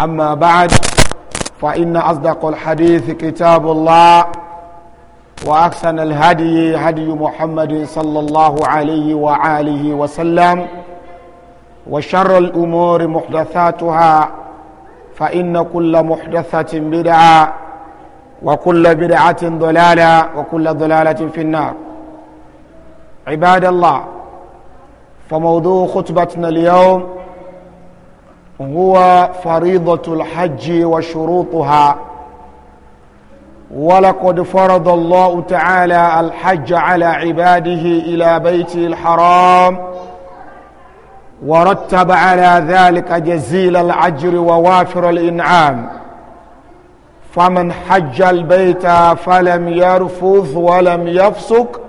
أما بعد فإن أصدق الحديث كتاب الله وأحسن الهدي هدي محمد صلى الله عليه وآله وسلم وشر الأمور محدثاتها فإن كل محدثة بدعة وكل بدعة ضلالة وكل ضلالة في النار عباد الله فموضوع خطبتنا اليوم هو فريضة الحج وشروطها ولقد فرض الله تعالى الحج على عباده إلى بيته الحرام ورتب على ذلك جزيل العجر ووافر الإنعام فمن حج البيت فلم يرفث ولم يفسق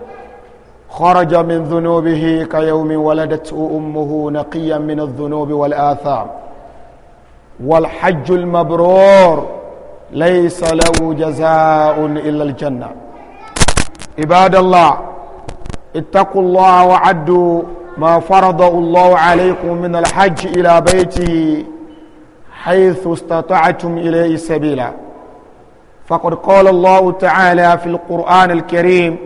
خرج من ذنوبه كيوم ولدته أمه نقيا من الذنوب والآثام والحج المبرور ليس له جزاء إلا الجنة عباد الله اتقوا الله وعدوا ما فرض الله عليكم من الحج إلى بيته حيث استطعتم إليه سبيلا فقد قال الله تعالى في القرآن الكريم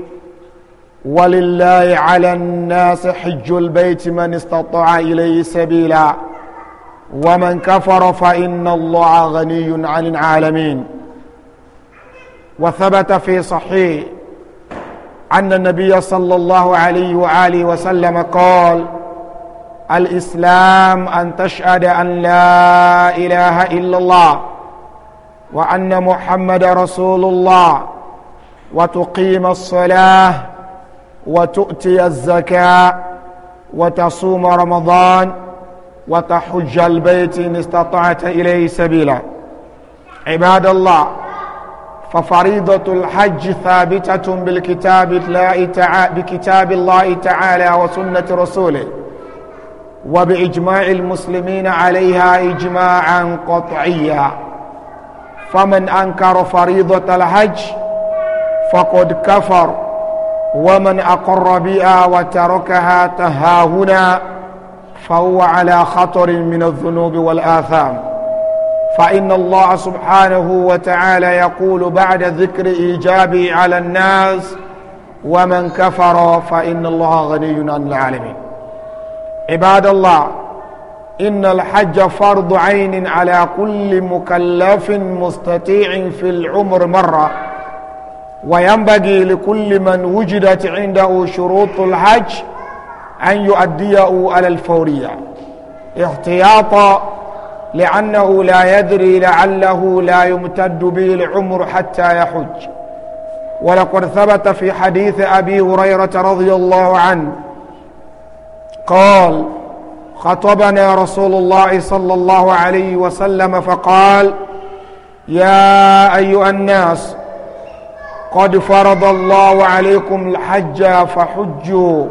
ولله على الناس حج البيت من استطاع إليه سبيلا ومن كفر فإن الله غني عن العالمين وثبت في صحيح أن النبي صلى الله عليه وآله وسلم قال الإسلام أن تشهد أن لا إله إلا الله وأن محمد رسول الله وتقيم الصلاة وتؤتي الزكاة وتصوم رمضان وتحج البيت إن استطعت إليه سبيلا عباد الله ففريضة الحج ثابتة بالكتاب الله تعالى بكتاب الله تعالى وسنة رسوله وبإجماع المسلمين عليها إجماعا قطعيا فمن أنكر فريضة الحج فقد كفر ومن أقر بها وتركها تهاهنا فهو على خطر من الذنوب والآثام فإن الله سبحانه وتعالى يقول بعد ذكر إيجابي على الناس ومن كفر فإن الله غني عن العالمين عباد الله إن الحج فرض عين على كل مكلف مستطيع في العمر مرة وينبغي لكل من وجدت عنده شروط الحج أن يؤديه على الفورية احتياطا لأنه لا يدري لعله لا يمتد به العمر حتى يحج ولقد ثبت في حديث أبي هريرة رضي الله عنه قال خطبنا رسول الله صلى الله عليه وسلم فقال يا أيها الناس قد فرض الله عليكم الحج فحجوا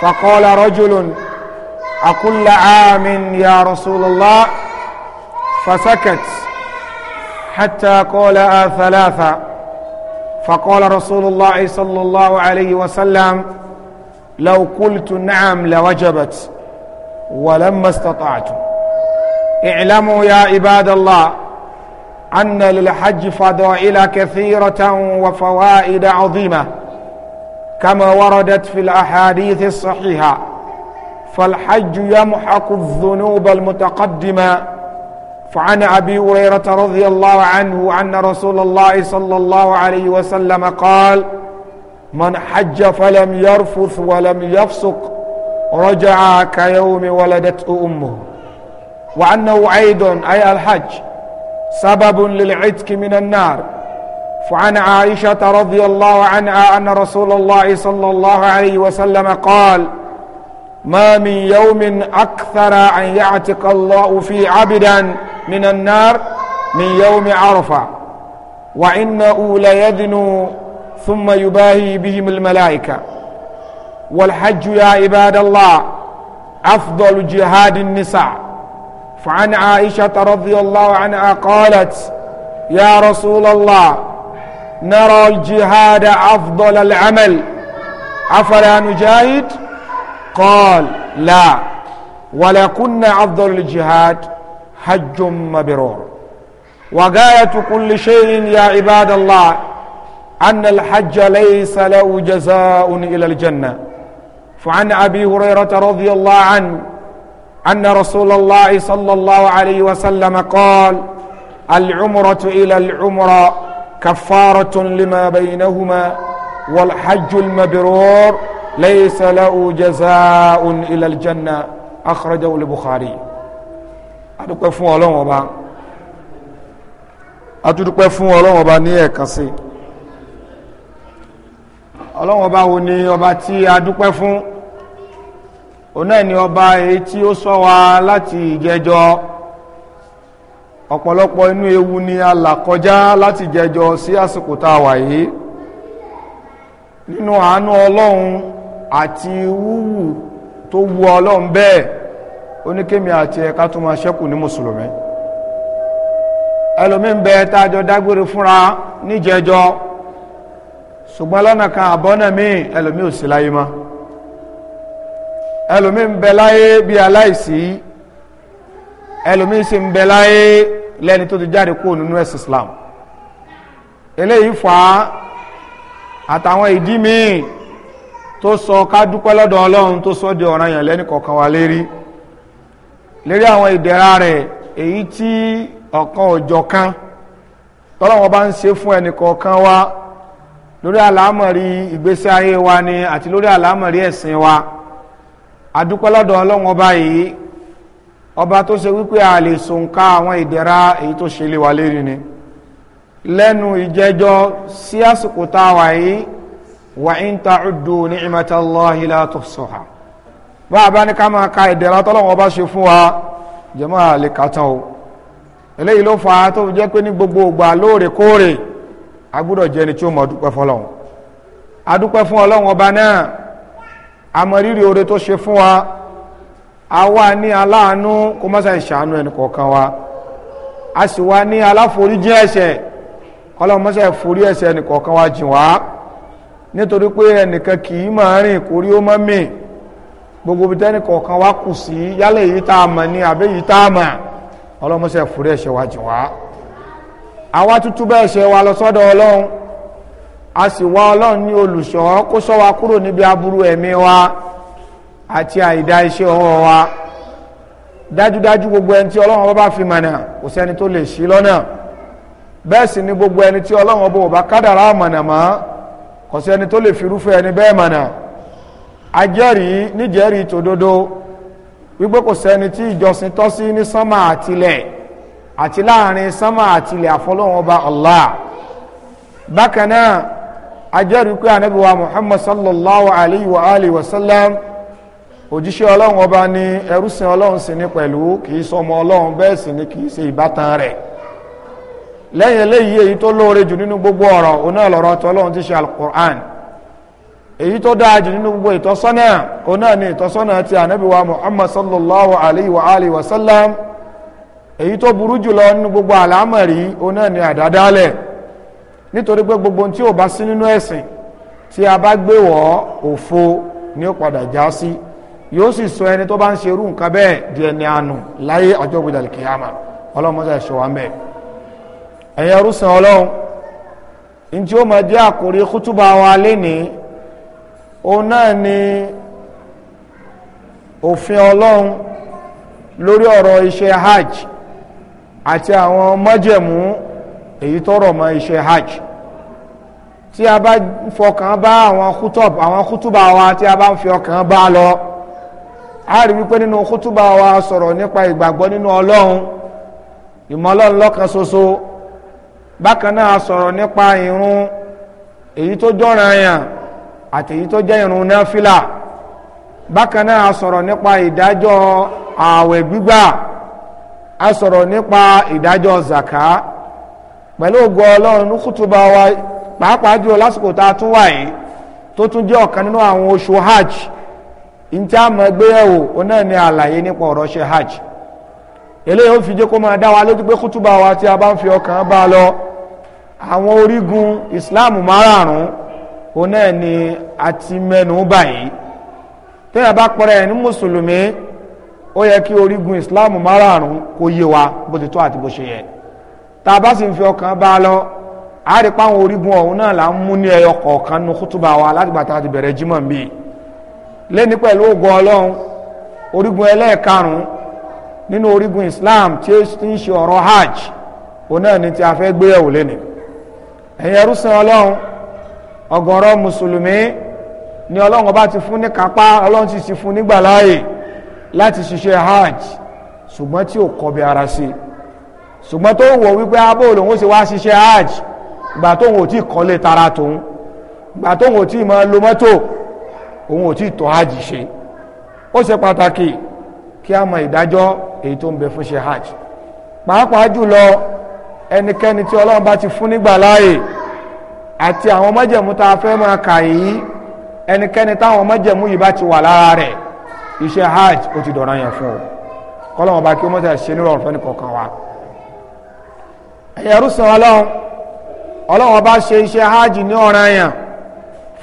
فقال رجل أكل عام يا رسول الله فسكت حتى قال آه ثلاثة فقال رسول الله صلى الله عليه وسلم لو قلت نعم لوجبت ولما استطعت اعلموا يا عباد الله أن للحج فضائل كثيرة وفوائد عظيمة كما وردت في الأحاديث الصحيحة فالحج يمحق الذنوب المتقدمة فعن أبي هريرة رضي الله عنه أن رسول الله صلى الله عليه وسلم قال من حج فلم يرفث ولم يفسق رجع كيوم ولدته أمه وأنه أيضا أي الحج سبب للعتق من النار فعن عائشة رضي الله عنها أن رسول الله صلى الله عليه وسلم قال ما من يوم أكثر أن يعتق الله فيه عبدا من النار من يوم عرفة وإنه ليدنو ثم يباهي بهم الملائكة والحج يا عباد الله أفضل جهاد النساء فعن عائشة رضي الله عنها قالت يا رسول الله نرى الجهاد أفضل العمل أفلا نجاهد قال لا ولكن أفضل الجهاد حج مبرور وغاية كل شيء يا عباد الله أن الحج ليس له جزاء إلى الجنة فعن أبي هريرة رضي الله عنه أن رسول الله صلى الله عليه وسلم قال العمرة إلى العمرة كفارة لما بينهما والحج المبرور ليس له جزاء إلى الجنة أخرجه البخاري adúpẹ́ fún ọlọ́run ọba adúpẹ́ fún ọlọ́run ọba ní ẹ̀kan sí ọlọ́run ọba wo ni ọba tí adúpẹ́ fún òun náà ni ọba èyí tí ó sọ wa láti ìjẹjọ́ ọ̀pọ̀lọpọ̀ inú ewu ni a là kọjá láti jẹjọ sí àsìkò ta wà yìí nínú àánú ọlọ́run àti wúwù tó wu ọlọ́run bẹ́ẹ̀ oníkémi àti ẹ̀ka tó máa ṣẹ́kù ní mùsùlùmí ẹlòmí ń bẹ tájọ dágbére fúnra ṣùgbọ́n lọ́nà kan àbọ́nà míì ẹlòmí ò sí láyé mọ́ ẹlòmí lẹni tó ti jáde kúrò nínú ẹ̀sìn Islam eléyìí fà á àtàwọn ìdí míì tó sọ ká dúpẹ́ Ọlọ́run tó sọ di ọ̀ràn yàn lẹ́ni wa lérí lérí àwọn ìdẹ̀ra rẹ èyí tí ọ̀kan kan wa lórí ìgbésí ayé wa ni àti lórí wa ọba ọba tó ṣe wípé a lè sònká àwọn ìdẹ̀ra èyí tó ṣe lé wa lérí ni lẹ́nu ìjẹjọ́ sí àsìkò tá a wà yìí wa in ta'uddu ni'matallahi la tuhsuha bá a bá ní ká máa ka ìdẹ̀ra tọ́lọ́wọ́n ọba ṣe fún wa jẹ́mọ́ àlè kàtàn o eléyìí ló fà á tó jẹ́ pé ní gbogbo ìgbà lóòrèkóòrè a gbọ́dọ̀ jẹ́ ni tí ó mọ̀ dúpẹ́ fọlọ́run a dúpẹ́ fún ọlọ́run ọba náà àmọ́ rírì oore tó ṣe fún wa àwa ní aláàánú wa a sì wá ní aláforíjì ẹ̀ṣẹ̀ kọ́lọ́mù mọ́sá ìforí ẹ̀ṣẹ̀ wa jìn nítorí pé ẹnìkan kì í máa rìn kórí ó máa mìn gbogbo bí tẹ́nì kọ̀ọ̀kan wa kù sí yálẹ̀ èyí tá a ní àbẹ́ yìí tá a àwa bá lọ sọ́dọ̀ a sì àti àìdá iṣẹ́ ọwọ́ wa dájúdájú gbogbo ẹni tí ọlọ́run ọba fi mọ̀nà kò sẹ́ni tó lè ṣí lọ́nà bẹ́ẹ̀ sì ni gbogbo ẹni tí ọlọ́run ọba ò bá kádàrá mọ̀nà mọ́ kò sẹ́ni tó lè firúfẹ́ ẹni bẹ́ẹ̀ mọ̀nà ajẹ́rìí níjẹ́rìí tòdodo wípé kò sẹ́ni tí ìjọsìn tọ́ sí ní sánmà àtilẹ̀ àti láàrin sánmà àtilẹ̀ àfọlọ́run ọba Allah bákan náà ajẹ́rìí pé ànábì wa Muhammad sallallahu alayhi wa alihi wa sallam òjíṣẹ́ ọlọ́run ọba n'i ẹrúsìn ọlọ́run sì ni pẹ̀lú sọmọ ọlọ́run bẹ́ẹ̀ sì ni kì se ìbátan rẹ̀ lẹ́yìn eléyìí èyí tó lóore jù gbogbo ọ̀rọ̀ oná ọ̀rọ̀ tọ́lọ́run ti ṣe alukur'an èyí tó dáa jù nínú gbogbo ìtọ́sọ́nà oná ni ìtọ́sọ́nà ti ànábìwá muhammad sallallahu alayhi wa alayhi wa sallam èyí tó burú jùlọ nínú gbogbo àlámọ̀rí oná ni àdádálẹ̀ gbogbo tí ò bá sí nínú ẹ̀sìn tí a bá ni ó padà já sí. yóò sì sọ ẹni tó bá ń ṣe irú nǹkan bẹ́ẹ̀ di ẹni àánú láyé ọjọ́ gbọdọ̀ lè kíyàmà ọlọ́run mọ́tò ẹ̀ṣọ́ wa ń bẹ̀. ẹ̀yin arúsàn ọlọ́run ní tí ó máa jẹ́ àkórí kútùbà wa lénìí òun náà ni òfin ọlọ́run lórí ọ̀rọ̀ iṣẹ́ hajj àti àwọn májẹ̀mú èyí tó rọ̀ mọ́ iṣẹ́ hajj tí a bá fọkàn bá àwọn kútùbà wa tí a bá ń fi ọkàn bá lọ a rí wípé nínú kútúbà wa sọ̀rọ̀ nípa ìgbàgbọ́ nínú ọlọ́run ìmọ̀ ọlọ́run soso ṣoṣo bákan náà sọ̀rọ̀ nípa ìrun èyí tó jọ́ran yàn àti èyí tó jẹ́ ìrun náfìlà bákan náà sọ̀rọ̀ nípa ìdájọ́ ààwẹ̀ gbígbà a sọ̀rọ̀ nípa ìdájọ́ zaka pẹ̀lú ògo ọlọ́run ní kútúbà wa pàápàá jù lásìkò tá a tún wà yìí tó tún jẹ́ ọ̀kan nínú àwọn oṣù hajj njẹ́ àmọ́ gbéyàwó oná ní àlàyé nípa ọ̀rọ̀ ṣe hajj eléyìí ó fi jẹ́ kó máa dá wa lójú pé kútùbà wa tí a bá ń fi ọkàn bá lọ àwọn orígun islam márààrún oná ní àti mẹ́nu báyìí tẹ́yà bá pọ̀rọ̀ ẹ̀ ní mùsùlùmí ó yẹ kí orígun islam márààrún kó yé wa bó ti tó àti bó ṣe yẹ tá a bá sì ń fi ọkàn bá lọ a pa àwọn orígun ọ̀hún náà là ń mú ní ẹyọ kọ̀ọ̀kan nu kútùbà wa látìgbà tá a ti bẹ̀rẹ̀ jímọ̀ bíi lẹ́ni pẹ̀lú ògo ọlọ́run orígun ẹlẹ́ẹ̀karùn-ún nínú orígun islam tí ó ti ń ṣe ọ̀rọ̀ hajj òun náà ni tí a fẹ́ gbéyàwó lẹ́ni ẹ̀yin ẹrúsìn ọlọ́run ọ̀gọ̀rọ̀ mùsùlùmí ni ọlọ́run ọba ti fún ní kápá ọlọ́run sì ti fún nígbà láàyè láti ṣiṣẹ́ hajj ṣùgbọ́n tí ò kọbi ara sí ṣùgbọ́n tó wọ̀ wípé abó lòun ó ṣe wá ṣiṣẹ́ hajj gbà tóun ò tí kọ́lé tara tòun gbà tóun ò tí máa lo òun ò tí hajj ṣe ó ṣe pàtàkì kí a mọ ìdájọ́ èyí tó ń bẹ fún ṣe hajj pàápàá jùlọ ẹnikẹ́ni tí ọlọ́run bá ti fún nígbà láàyè àti àwọn májẹ̀mú tá fẹ́ máa kà yìí ẹnikẹ́ni táwọn yìí bá ti wà lára rẹ̀ hajj ó ti dọ̀rọ̀ yẹn fún o kọ́lọ́wọ́n bá kí ó mọ̀tà ṣe nírọ̀rùn wa ẹ̀yẹ̀rú sàn ọlọ́run ọlọ́run bá hajj ní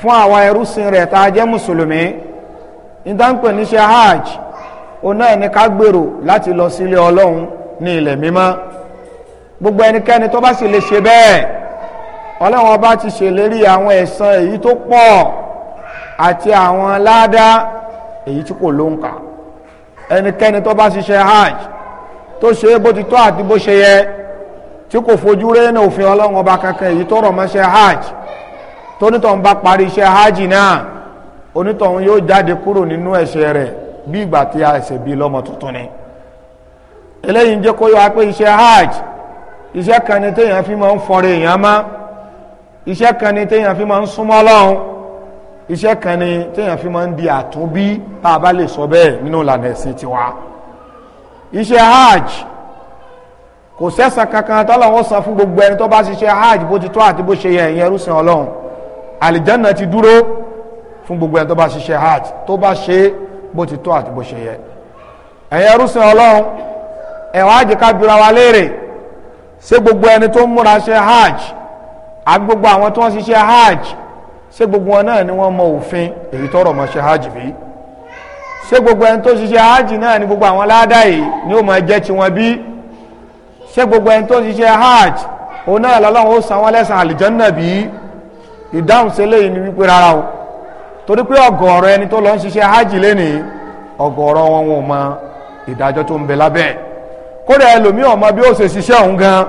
fún àwa ẹrúsìn rẹ̀ tá jẹ́ mùsùlùmí níta ń níṣẹ́ hajj ọ̀nà ẹni ká gbèrò láti lọ sílé ọlọ́run ní ilẹ̀ mímọ́ gbogbo ẹnikẹ́ni tó bá sì lè ṣe bẹ́ẹ̀ ọlọ́run ọba ti ṣèlérí àwọn ẹ̀sán èyí tó pọ̀ àti àwọn ládá èyí tí kò ló ń kà ẹnikẹ́ni tó bá ṣiṣẹ́ hajj tó ṣe é bó ti tọ́ àti bó ṣe yẹ tí kò fojú rẹ́nà òfin ọlọ́run ọba kankan èyí tó rọ̀ mọ́ṣẹ́ hajj tónítọ̀hún bá parí iṣẹ́ hajj náà onítọ̀hún yóò jáde kúrò nínú ẹ̀ṣẹ̀ rẹ̀ bí ìgbà tí a ẹ̀ṣẹ̀ bíi lọ́mọ tuntun ni eléyìí ń jẹ́ kó yọ wá pé iṣẹ́ hajj iṣẹ́ kan ni téèyàn fi máa ń fọre èèyàn mọ́ iṣẹ́ kan ni téèyàn fi máa ń súnmọ́ Ọlọ́run iṣẹ́ kan ni téèyàn fi máa ń di àtúnbí tá a bá lè sọ bẹ́ẹ̀ nínú ìlànà ẹ̀sìn tiwa iṣẹ́ hajj kò sẹ́sàn kankan tọ́lọ́wọ́ san fún gbogbo ẹni tó bá ṣiṣẹ́ hajj bó ti tó àti bó ṣe yẹ ẹ̀yẹrú sin Ọlọ́run àlìjánà ti dúró fún gbogbo ẹni tó bá ṣiṣẹ́ hajj tó bá ṣe bó ti tó àti bó ṣe yẹ ẹ̀yin ẹrúsìn ọlọ́run ẹ̀wọ̀n àjẹká bíra wa léèrè ṣé gbogbo ẹni tó ń múra ṣe hajj àbí àwọn tó ń ṣiṣẹ́ hajj ṣé gbogbo wọn náà ni wọ́n mọ òfin èyí tọrọ mọ ṣe hajj bí ṣé gbogbo ẹni tó ṣiṣẹ́ hajj náà ni gbogbo àwọn ládà yìí ni ó máa jẹ́ tiwọn bí ṣé gbogbo ẹni tó ṣiṣẹ́ hajj òun náà lọ́lọ́run ó san wọ́n lẹ́san àlìjánà bíi ìdáhùn sílẹ̀ yìí ni wípé rárá o torí pé ẹni tó lọ ń ṣiṣẹ́ hajj lénìí ọ̀gọ̀ọ̀rọ̀ wọn wọn mọ ìdájọ́ tó ń bẹ lábẹ́ kódà ẹlòmíì ọmọ bí ó ṣe ṣiṣẹ́ òun gan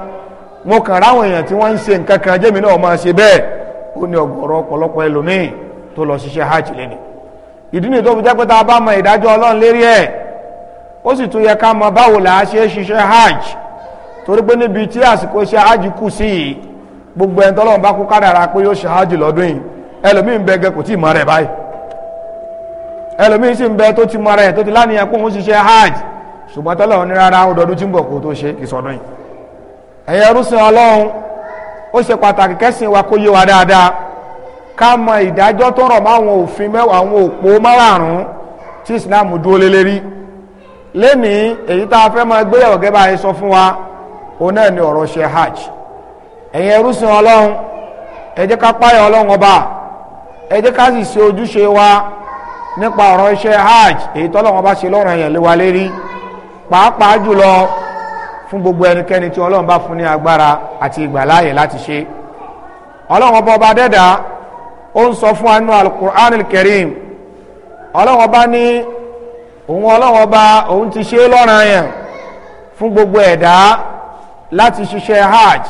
mo kàn ráwọn èèyàn tí wọ́n ń ṣe nǹkan kan jẹ́mi náà máa ṣe bẹ́ẹ̀ ó ní ọ̀pọ̀lọpọ̀ tó lọ ṣiṣẹ́ hajj lénìí ìdí nìyí tó fi jẹ́ pé tá a bá mọ ìdájọ́ ọlọ́run lérí ẹ̀ ó sì tún yẹ ká mọ báwo hajj torí pé níbi gbogbo ẹni tọ́lọ́run bá kú kádàrá pé yóò ṣe hajj lọ́dún yìí ẹlòmíín bẹ gẹ kò tí ì mọ rẹ̀ báyìí ẹlòmíín sì ń bẹ tó ti rẹ̀ tó ti lánìyàn pé òun ṣiṣẹ́ hájì ṣùgbọ́n tọ́lọ́run ní rárá ọdọọdún tí ń bọ̀ kó tó ṣe ìsọdún yìí ẹ̀yẹ rúṣin ọlọ́run ó ṣe pàtàkì kẹ́sìn wa kó yé wa dáadáa ká mọ ìdájọ́ tó rọ̀ máwọn òfin mẹ́wàá tí Islam dúró lé lérí lénìí èyí tá a fẹ́ máa gbéyàwó gẹ́gẹ́ bá sọ fún wa òun náà ni ọ̀rọ̀ ṣe hajj ẹ̀yin ẹrúsìn ọlọ́run ẹ ká páyọ̀ ọlọ́run ọba ẹ ká ṣe wa nípa ọ̀rọ̀ iṣẹ́ hajj èyí tọ́lọ́run ọba ṣe lọ́rùn ẹ̀yàn lé wa lérí pàápàá jùlọ fún gbogbo ẹnikẹ́ni tí ọlọ́run bá fún ní agbára àti ìgbàláyè láti ọba ọba ó ń sọ fún anú alukur'an ọba ní òun ọlọ́run ọba òun ti ṣe lọ́rùn ẹ̀yàn fún gbogbo ẹ̀dá láti ṣiṣẹ́ hajj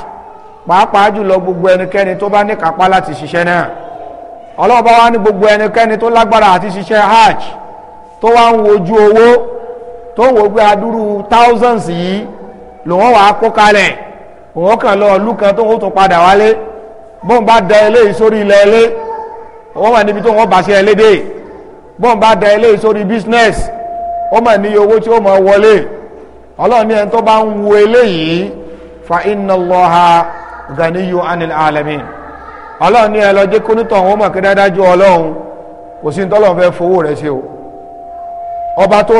pàápàá jùlọ gbogbo ẹnikẹ́ni tó bá ní kápá láti ṣiṣẹ́ náà Ọlọ́run bá wá ní gbogbo ẹnikẹ́ni tó lágbára àti ṣiṣẹ́ hajj tó wá ń wojú owó tó ń wo pé adúrú thousands yìí lòun wàá kó kalẹ̀ òun kàn lọ ọ̀lú tó ń tún padà wálé bóun bá da eléyìí sórí ilẹ̀ ilé òun wà níbi tó wọ́n bá ẹlẹ́dẹ̀ bóun bá da eléyìí sórí business ó mà níye owó tí ó mọ̀ wọlé Ọlọ́run ní ẹni tó bá ń wo eléyìí fa inna Allaha ganiyu anil alamin ọlọ́run ní ẹlọ jẹ́ kónítọ̀ wọn mọ̀ kí dájú ọlọ́run kò sí tọ́lọ́run fẹ́ fowó o ọba tó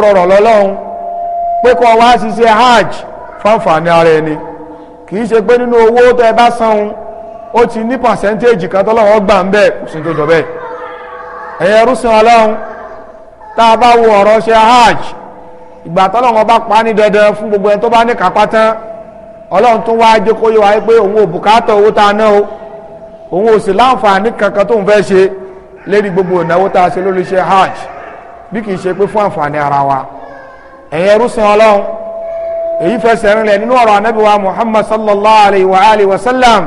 pé wá ara ẹni kì í ṣe pé nínú owó tẹ́ bá san ó ti ní pàṣẹ́ntéèjì kan tọ́lọ́run gbà ń kò sí rúṣin tá a bá hajj ìgbà pa ní dandan ọlọ́run tún wá jẹ́ kó yé wa pé òun ò bùkátà owó tá a ná o òun ò sì láǹfààní kankan tó ń fẹ́ ṣe lérí gbogbo ìnáwó tá a ṣe lórí iṣẹ́ hajj bí kì í ṣe pé fún àǹfààní ara wa ẹ̀yin ẹrúsìn ọlọ́run èyí fẹsẹ̀ rinlẹ̀ nínú ọ̀rọ̀ anábì wa muhammad sallallahu alayhi wa alayhi wa sallam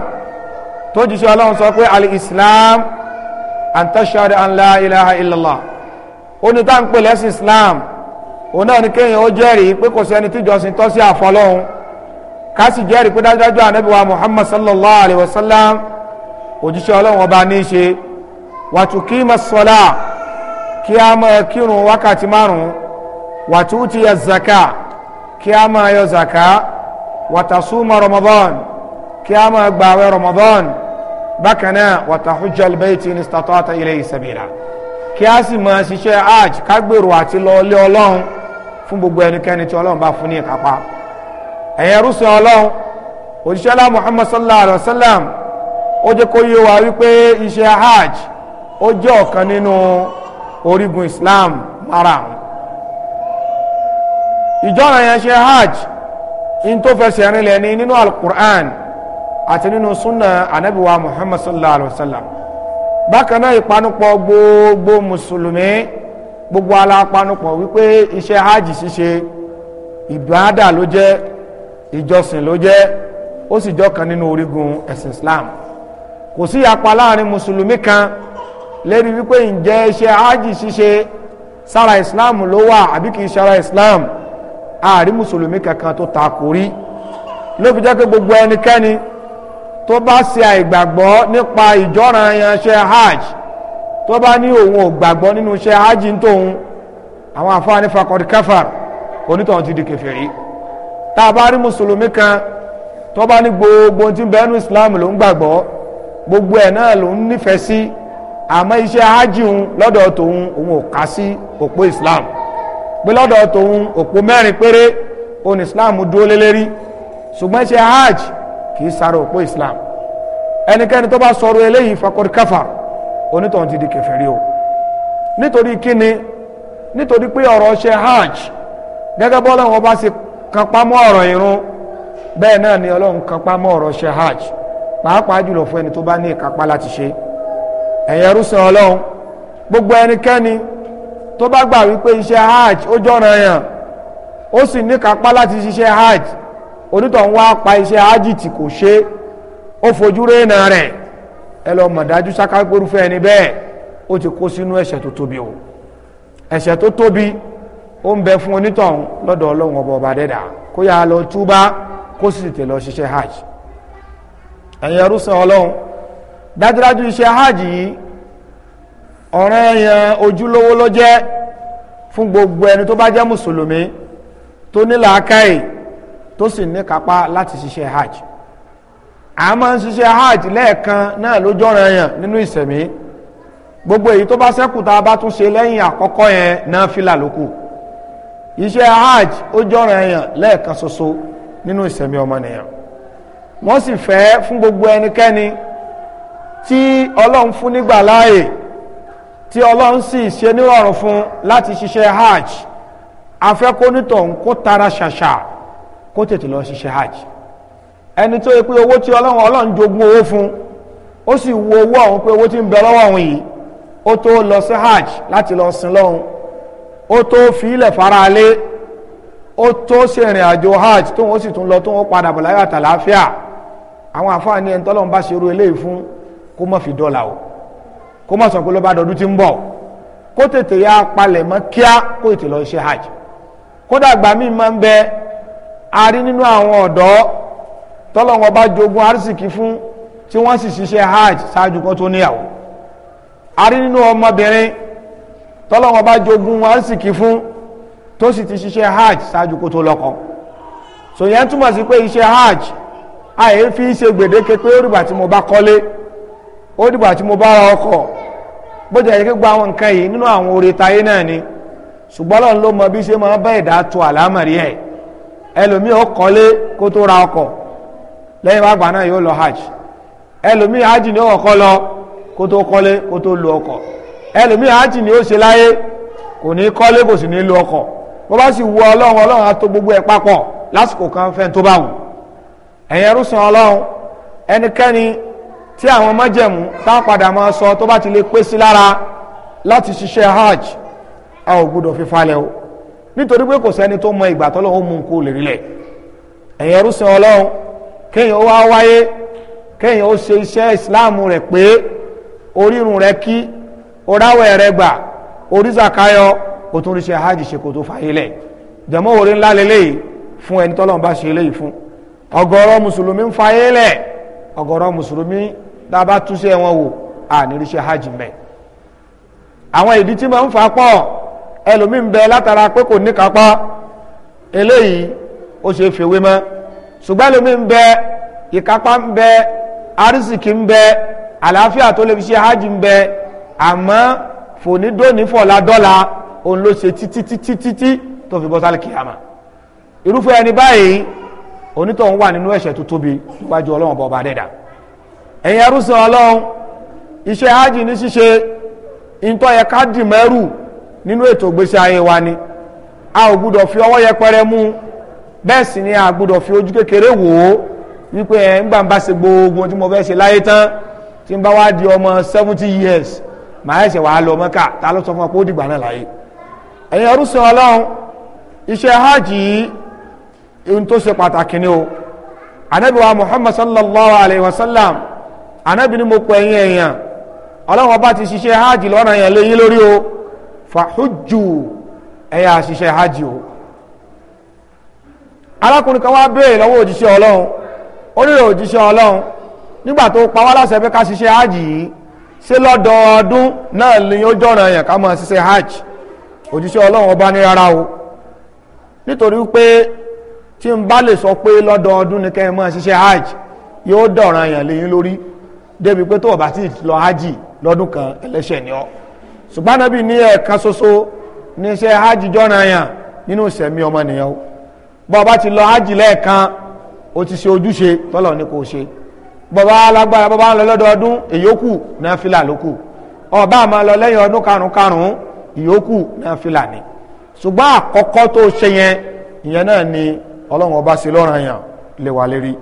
tó jíṣẹ́ ọlọ́run sọ pé al-islam an tashhadu an la ilaha illallah ó ní táà ń pè lẹ́sìn islam òun náà ní kéèyàn ó jẹ́rìí pé kò sí ẹni tíjọ́sìn tọ́ sí ká sì jẹ́rìí pé dájúdájú ànábì wa muhammad sallallahu alayhi wa sallam òjíṣẹ́ ọlọ́run ọba ní í ṣe wàtúkí masọ́lá kí a máa kírun wákàtí márùn-ún wàtúntì yẹ zaka kí a máa yọ zaka wàtàsúmọ̀ ramadan kí a máa gbààwẹ̀ ramadan bákan náà wàtàhújjá albayti ní statọ́ta ilayhi sabila kí a sì máa ṣiṣẹ́ hajj ká àti lọ ọlọ́run fún gbogbo ẹnikẹ́ni tí ọlọ́run bá fún ní ìkápá ẹ̀yẹn rúṣin ọlọ́run òṣìṣẹ́lá muhammad sallallahu alayhi wa sallam ó jẹ́ kó yé wa wípé iṣẹ́ hajj ó jẹ́ ọ̀kan nínú orígun islam mara àwọn ìjọ́ra yẹn ṣe hajj in tó fẹsẹ̀ rinlẹ̀ ní nínú alukur'an àti nínú sunna anabiwa muhammad sallallahu alayhi wa sallam bákan náà ìpanupọ̀ gbogbo mùsùlùmí gbogbo alápanupọ̀ wípé iṣẹ́ hajj ṣíṣe ìbádà ló jẹ́ ìjọsìn ló jẹ́ ó sì jọ kan nínú orígun ẹ̀sìn Islam kò sí apá láàrin mùsùlùmí kan lérí wípé ǹjẹ́ iṣẹ́ ájì ṣíṣe sára Islam ló wà àbí kì í Islam ààrí mùsùlùmí kankan tó ta kò rí ló fi jẹ́ pé gbogbo ẹnikẹ́ni tó bá ṣe àìgbàgbọ́ nípa ìjọ́ran iṣẹ́ hajj tó bá ní òun ò gbàgbọ́ nínú iṣẹ́ hajj ń tóun àwọn àfáàní fakọ̀dí káfàr onítọ̀hún ti di kèfèrí tá a bá rí kan tó bá ní gbogbo tí islam ló ń gbàgbọ́ gbogbo ẹ̀ náà ló ń nífẹ̀ẹ́ sí àmọ́ iṣẹ́ hajjun lọ́dọ̀ tòun òun ò kà sí òpó islam pé lọ́dọ̀ tòun òpó mẹ́rin péré òun islam dúró lé ṣùgbọ́n iṣẹ́ hajj kì í òpó islam ẹnikẹ́ni tó bá sọ̀rọ̀ eléyìí fakọ́rí káfà onítọ̀hún ti di kan pamọ́ ọrọ irun bẹ́ẹ̀ náà ni ọlọ́run kan pamọ́ ọ̀rọ̀ ṣe hajj pàápàá jùlọ fún ẹni tó bá ní ìkápá láti ṣe ẹ̀yẹ rúṣin ọlọ́run gbogbo ẹnikẹ́ni tó bá gbà wípé iṣẹ́ hajj ó jọ̀ràn yàn ó sì ní ìkápá láti ṣiṣẹ́ hajj onítọ̀ wá pa iṣẹ́ hajj tí kò ṣe ó fojú rénà rẹ̀ ẹ lọ mọ̀ dájú sáká ẹni bẹ́ẹ̀ ó ti kó sínú ẹ̀ṣẹ̀ tó tóbi o ẹ̀ṣẹ̀ tó tóbi ó ń bẹ fún onítọ̀hún lọ́dọ̀ ọlọ́run ọba ọba dẹ́dà kó yà á lọ túbá kó sì tètè lọ ṣiṣẹ́ hajj ẹ̀yin ẹrúsìn ọlọ́run dájúdájú iṣẹ́ hajj yìí ọ̀ràn ẹ̀yàn ojúlówó ló jẹ́ fún gbogbo ẹni tó bá jẹ́ mùsùlùmí tó ní làákàyè tó sì ní kápá láti ṣiṣẹ́ hajj a máa ń ṣiṣẹ́ hajj lẹ́ẹ̀kan náà ló jọ́ràn ẹ̀yàn nínú ìṣẹ̀mí gbogbo èyí tó bá ṣẹ́kù tá a bá tún ṣe lẹ́yìn àkọ́kọ́ yẹn náà fìlà lókù iṣẹ́ hajj ó jọ́ràn ẹ̀yàn lẹ́ẹ̀kan soso nínú ìṣẹ̀mí ọmọnìyàn wọ́n sì fẹ́ fún gbogbo ẹnikẹ́ni tí ọlọ́run fún nígbà láàyè tí ọlọ́run sì ṣe nírọ̀rùn fún láti ṣiṣẹ́ hajj afẹ́kónítọ̀ ń kó tara ṣàṣà kó tètè lọ ṣiṣẹ́ hajj ẹni tó yẹ pé owó tí ọlọ́run ọlọ́run jogún owó fún ó sì wo owó pé owó tí ń bẹ lọ́wọ́ hajj láti lọ sin ó tó filẹ̀ faralé ó tó ṣèrìn àjò hajj tó wọ́n sì tún lọ tó wọ́n padà bọ̀ láyé àtàláfíà àwọn àfáàní ẹni tọ́lọ́run bá ṣerú eléyìí fún kó fi dọ́là o kó sọ pé ló bá dọdún ti ń bọ̀ tètè ya palẹ̀ mọ́ kíá kó tètè lọ ṣe hajj kódà gbà mí máa ń bẹ a rí nínú àwọn ọ̀dọ́ tọ́lọ́run ọba jogun arísìkí fún tí wọ́n sì ṣiṣẹ́ hajj ṣáájú kan tó níyàwó a nínú ọmọbìnrin tọ́lọ́wọ́n bá jogún arsìkì fún tó sì ti ṣiṣẹ́ hajj ṣáájú kó tó lọ́kọ so yẹn túmọ̀ sí pé iṣẹ́ hajj àyè fi ṣe gbèdéke pé ó dìgbà tí mo bá kọ́lé ó dìgbà tí mo bá ra ọkọ̀ bó jẹ́ kí gba àwọn nǹkan yìí nínú àwọn oore tayé náà ni ṣùgbọ́n lọ́n ló mọ bí ṣe máa bá ẹ̀dá tu ẹ̀ ó kọ́lé kó tó ra ọkọ̀ lẹ́yìn bá gbà náà yóò lọ hajj hajj ni ó lọ kó tó kọ́lé kó tó ẹlòmíì ájì ni ó ṣe láyé kò ní kọ́ kò sì ní ọkọ̀ bó bá sì wù ọlọ́run ọlọ́run á tó gbogbo ẹ̀ papọ̀ lásìkò kan fẹ́ tó bá wù ẹ̀yẹn rúsan ọlọ́run ẹnikẹ́ni tí àwọn tá a padà máa sọ tó bá ti lè pèsè lára láti ṣiṣẹ́ hajj a ò gbúdọ̀ fi o nítorí pé kò sẹ́ni tó mọ ìgbà mú kó ó wá wáyé kéèyàn ó ṣe oráwẹ̀ rẹ gbà orísàkáyọ kò tún ríṣẹ́ hajj ṣe kò tó fàyè lẹ̀ orí ńlá lélẹ́yìí fún ẹni tọ́lọ́run bá ṣe eléyìí fún ọ̀gọ̀rọ̀ mùsùlùmí ń fàyè lẹ̀ ọ̀gọ̀rọ̀ mùsùlùmí dábàá túnṣe wọn wò àní ríṣẹ́ hajj mẹ́ àwọn ìdí tí máa ń pọ̀ ń bẹ látara pé kò ní kápá eléyìí ó ṣe fèwé mọ́ àmọ́ fònídóní fọ̀la dọ́là òun ló ṣe títí títí títí tó fi bọ́ sálẹ̀ kìyàmà irúfẹ́ ẹni báyìí onítọ̀hún wà nínú ẹ̀ṣẹ̀ tó tóbi níwájú ọlọ́run bọ̀ ọba dẹ́dà ẹ̀yin ẹrúsìn ọlọ́run iṣẹ́ hajj ní ṣíṣe ìtọ́ yẹ ká dì mẹ́rù nínú ètò ìgbésí ayé wa ni a ò gbúdọ̀ fi ọwọ́ yẹpẹrẹ mú bẹ́ẹ̀ sì ni a gbúdọ̀ fi ojú kékeré wò ó wípé ẹ̀ ń gbàǹbá ṣe gbogbo tí mo fẹ́ ṣe láyé tán tí ń bá wá di ọmọ seventy years màá ṣe wàá lọ mọ́kà ta ló sọ fún ọ pé ó dìgbà náà láyé ẹ̀yin ọrùsìn ọlọ́run iṣẹ́ hajj yìí ohun tó ṣe pàtàkì ni o anabi wa muhammad sallallahu alayhi wa sallam anabi ni mo pè ẹ̀yin èèyàn ọlọ́run ọba ti ṣiṣẹ́ hajj lọ́nà yẹn lé yín lórí o fàhùjù ẹ̀yà ṣiṣẹ́ hajj o arákùnrin kan wá béèrè lọ́wọ́ òjíṣẹ́ ọlọ́run ó ní òjíṣẹ́ ọlọ́run nígbà tó pa wá láṣẹ pé ká ṣiṣẹ́ hajj yìí Si lọ́dọọdún náà ni ó jọ̀ràn èèyàn ká máa ṣiṣẹ́ hajj òjíṣẹ́ ọlọ́run ọba o nítorí pé tí n bá sọ pé lọ́dọọdún ni kẹ́ẹ̀ máa ṣiṣẹ́ hajj yóò dọ̀ràn lórí débi pé ti lọ hajj lọ́dún kan ẹlẹ́ṣẹ̀ ni ọ́ ṣùgbọ́n Ànábì ní ṣoṣo hajj jọ̀ràn èèyàn nínú ìṣẹ̀mí ọmọnìyàn bọ́ ọ ti lọ hajj lẹ́ẹ̀kan o ti ṣe ojúṣe tọ́lọ̀ ní kò ṣe bọ́bá alágbára bọ́bá ń lọ lọ́dọọdún ìyókù náà fìlà lókù ọba àmọ́ lọ lẹ́yìn ọdún karùn-ún karùn-ún ìyókù náà fìlà ni ṣùgbọ́n àkọ́kọ́ tó ṣe yẹn ìyẹn náà ni ọlọ́run ọba ṣe lọ́ràn yàn lè wà lérí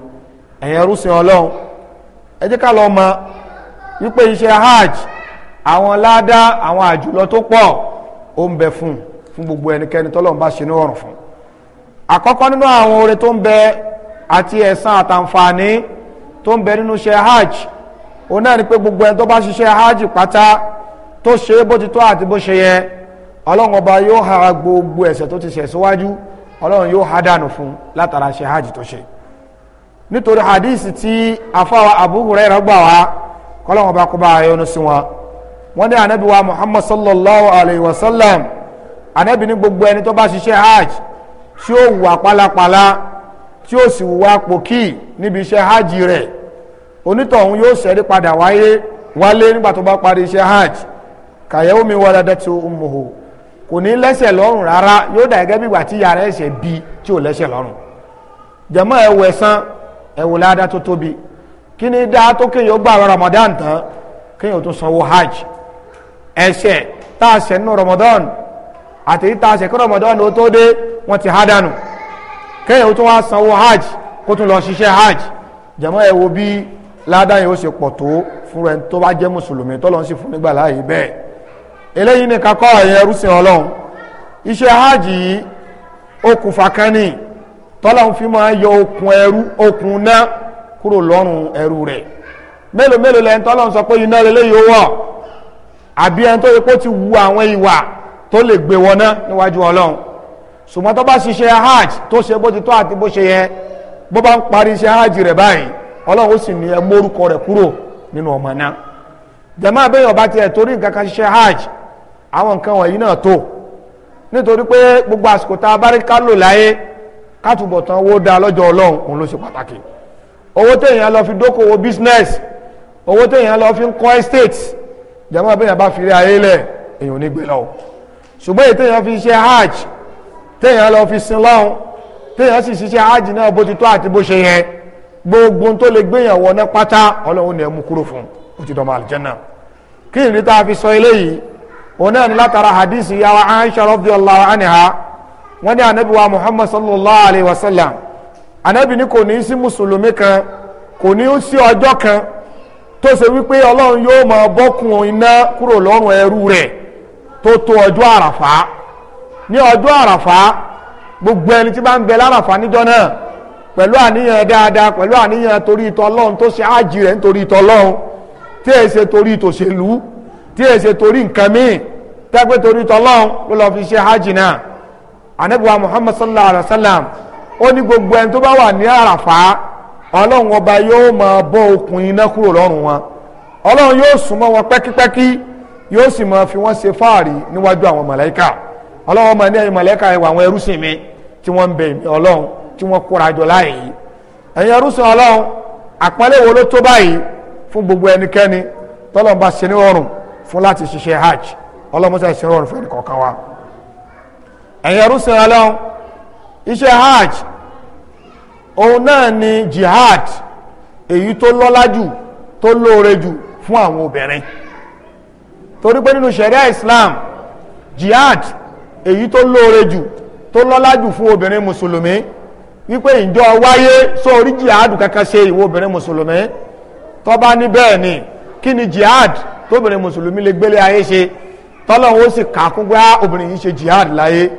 ẹ̀yẹn rúṣin ọlọ́run ẹ jẹ́ ká lọ mọ wípé iṣẹ́ hajj àwọn ládá àwọn àjùlọ tó pọ̀ ó ń bẹ fún fún gbogbo ẹnikẹ́ni tọ́lọ́run bá ṣe ní ọ̀rùn fún àkọ́kọ́ nínú àwọn oore tó ń bẹ àti ẹ̀san àtàǹfààní tó ń bẹ nínú iṣẹ́ hajj òun náà ni pé gbogbo ẹni tó bá ṣiṣẹ́ hajj pátá tó ṣe bó ti tó àti bó ṣe yẹ ọlọ́run ọba yóò ha gbogbo ẹ̀ṣẹ̀ tó ti ṣẹ̀ síwájú ọlọ́run yóò ha dànù fún látara ṣe hajj tó ṣe nítorí hadisi tí afáwa Abu Hurairah gbà wá kọ́lọ́run ọba kó bá ayọ́nu sí wọn wọ́n ní anabi wa Muhammad sallallahu alayhi wa sallam anabi ní gbogbo ẹni tó bá ṣiṣẹ́ hajj tí ó wà pálapàla tí ó sì wà pòkì níbi iṣẹ́ hajj rẹ̀ onítọ̀hún yóò ṣẹ́rí padà wáyé wálé nígbà tó bá parí iṣẹ́ hajj kàyẹ́wò mi wọ́n dáadáa tí ó mọ̀ ọ́ kò ní lẹ́sẹ̀ lọ́rùn rárá yóò dà gẹ́gẹ́ bí ìgbà tí yàrá ẹ̀ṣẹ̀ bí tí ò lẹ́sẹ̀ lọ́rùn jẹ̀mọ́ ẹ̀wọ̀ ẹ̀sán ẹ̀wọ̀ ládá tó tóbi kí ni dá tó kéèyàn gbà Ramadan tán kéèyàn ó tún sanwó hajj ẹ̀ṣẹ̀ tá a ṣẹ̀ nínú Ramadan àti tá a ṣẹ̀ kí Ramadan ó tó dé wọ́n ti há dànù kéèyàn ó tún wá sanwó hajj kó tún lọ ṣiṣẹ́ hajj jẹ̀mọ́ ẹ̀wọ̀ bíi ládàá yìí ó ṣe pọ̀ tó fún rẹ̀ tó bá jẹ́ mùsùlùmí tọ́lọ́n sì fún nígbà láàyè bẹ́ẹ̀ eléyìí nìkan kọ́ ẹ̀yẹ rúsìn ọlọ́run iṣẹ́ hajj yìí okùnfà kan ní tọ́lọ́run fi máa yọ okùn ẹrú okùn náà kúrò lọ́rùn ẹrú rẹ̀ mélòó mélòó lẹ́yìn tọ́lọ́run sọ pé iná lélẹ́yìí ó wọ̀ àbí ẹni tó yẹ kó ti wu àwọn ìwà tó lè gbé wọn ná níwájú ọlọ́run ṣùgbọ́n tó bá ṣiṣẹ́ hajj tó ṣe bó ti tó àti bó ṣe yẹ bó bá ń parí iṣẹ́ hajj rẹ̀ báyìí ọlọ́run ó sì ní ẹ mórúkọ rẹ̀ kúrò nínú ọmọ náà jàmá abẹ́yẹn ọba tiẹ̀ torí nǹkan kan ṣiṣẹ́ hajj àwọn nǹkan wọ̀nyí náà tó nítorí pé gbogbo àsìkò tá a bá rí kálò láyé kátùbọ̀ tán owó dá lọ́jọ́ ọlọ́run òun ló ṣe pàtàkì owó téèyàn lọ fi dókòwò business owó téèyàn lọ fi ń kọ́ estate jàmá abẹ́yẹn bá fi rí ayé lẹ̀ èèyàn ò ní gbé lọ ṣùgbọ́n èyí téèyàn fi ṣe hajj téèyàn lọ fi sin lọ́hùn téèyàn sì ṣiṣẹ́ hajj náà bó ti tó àti bó ṣe yẹn gbogbo tó lè gbéyàn wọ ní pátá ọlọ́run ni ẹ mú kúrò fún ó ti dọ̀mọ̀ àlìjẹ́nà kí n rí tá a fi sọ eléyìí òun náà ni látara hadith yàrá aisha radiyallahu anha wọ́n ní anabi wa muhammad sallallahu alayhi wa sallam anabi ni kò ní sí mùsùlùmí kan kò ní sí ọjọ́ kan tó ṣe wípé ọlọ́run yóò máa bọ́kùn iná kúrò lọ́rùn ẹrú rẹ̀ tó tó ọjọ́ àràfá ní ọjọ́ àràfá gbogbo ẹni tí bá ń bẹ láràfá níjọ́ náà pẹ̀lú àníyàn dáadáa pẹ̀lú àníyàn torí ìtọ́lọ́run tó ṣe ájì rẹ̀ nítorí ìtọ́lọ́run tí è ṣe torí tòṣèlú tí è ṣe torí nǹkan míì tẹ́gbẹ́ torí ìtọ́lọ́run ló lọ́ọ́ fi ṣe ájì náà anabiwa muhammad sallallahu alaihi wa sallam ó ní gbogbo ẹni tó bá wà ní àràfà ọlọ́run ọba yóò máa bọ́ okùn iná kúrò lọ́rùn wọn ọlọ́run yóò súnmọ́ wọn pẹ́kípẹ́kí yóò sì máa fi wọ́n ṣe fáàrí níwájú àwọn màláíkà ọlọ́run ọmọ ní ẹ̀yìn màláíkà àwọn ẹrúsìn mi tí wọ́n ń bẹ̀ ọlọ́run tí wọ́n kóra jọ láàyè yìí ẹ̀yin ẹrúsìn ọlọ́run àpọ́nlé wo ló tó báyìí fún gbogbo ẹnikẹ́ni tọ́lọ́n bá ṣe ní ọrùn fún láti ṣiṣẹ́ hajj ọlọ́mọṣẹ́ ṣe ọrùn fún ẹnìkọ̀ọ̀kan wa ẹ̀yin ẹrúsìn ọlọ́run iṣẹ́ hajj òun náà ni jihad èyí tó lọ́lá jù tó lóore jù fún àwọn obìnrin torí pé nínú ṣẹ̀ríà Islam jihad èyí tó lóore jù tó lọ́lá jù fún obìnrin mùsùlùmí wípé ìjọ wáyé só orí jihad kankan ṣe ìwọ obìnrin mùsùlùmí tó bá ní bẹ́ẹ̀ ni kí ni jihad tóbìnrin mùsùlùmí lè gbélé ayé ṣe tọ́lọ́hún ó sì kàkún pé ah, obìnrin yìí ṣe jihad láyé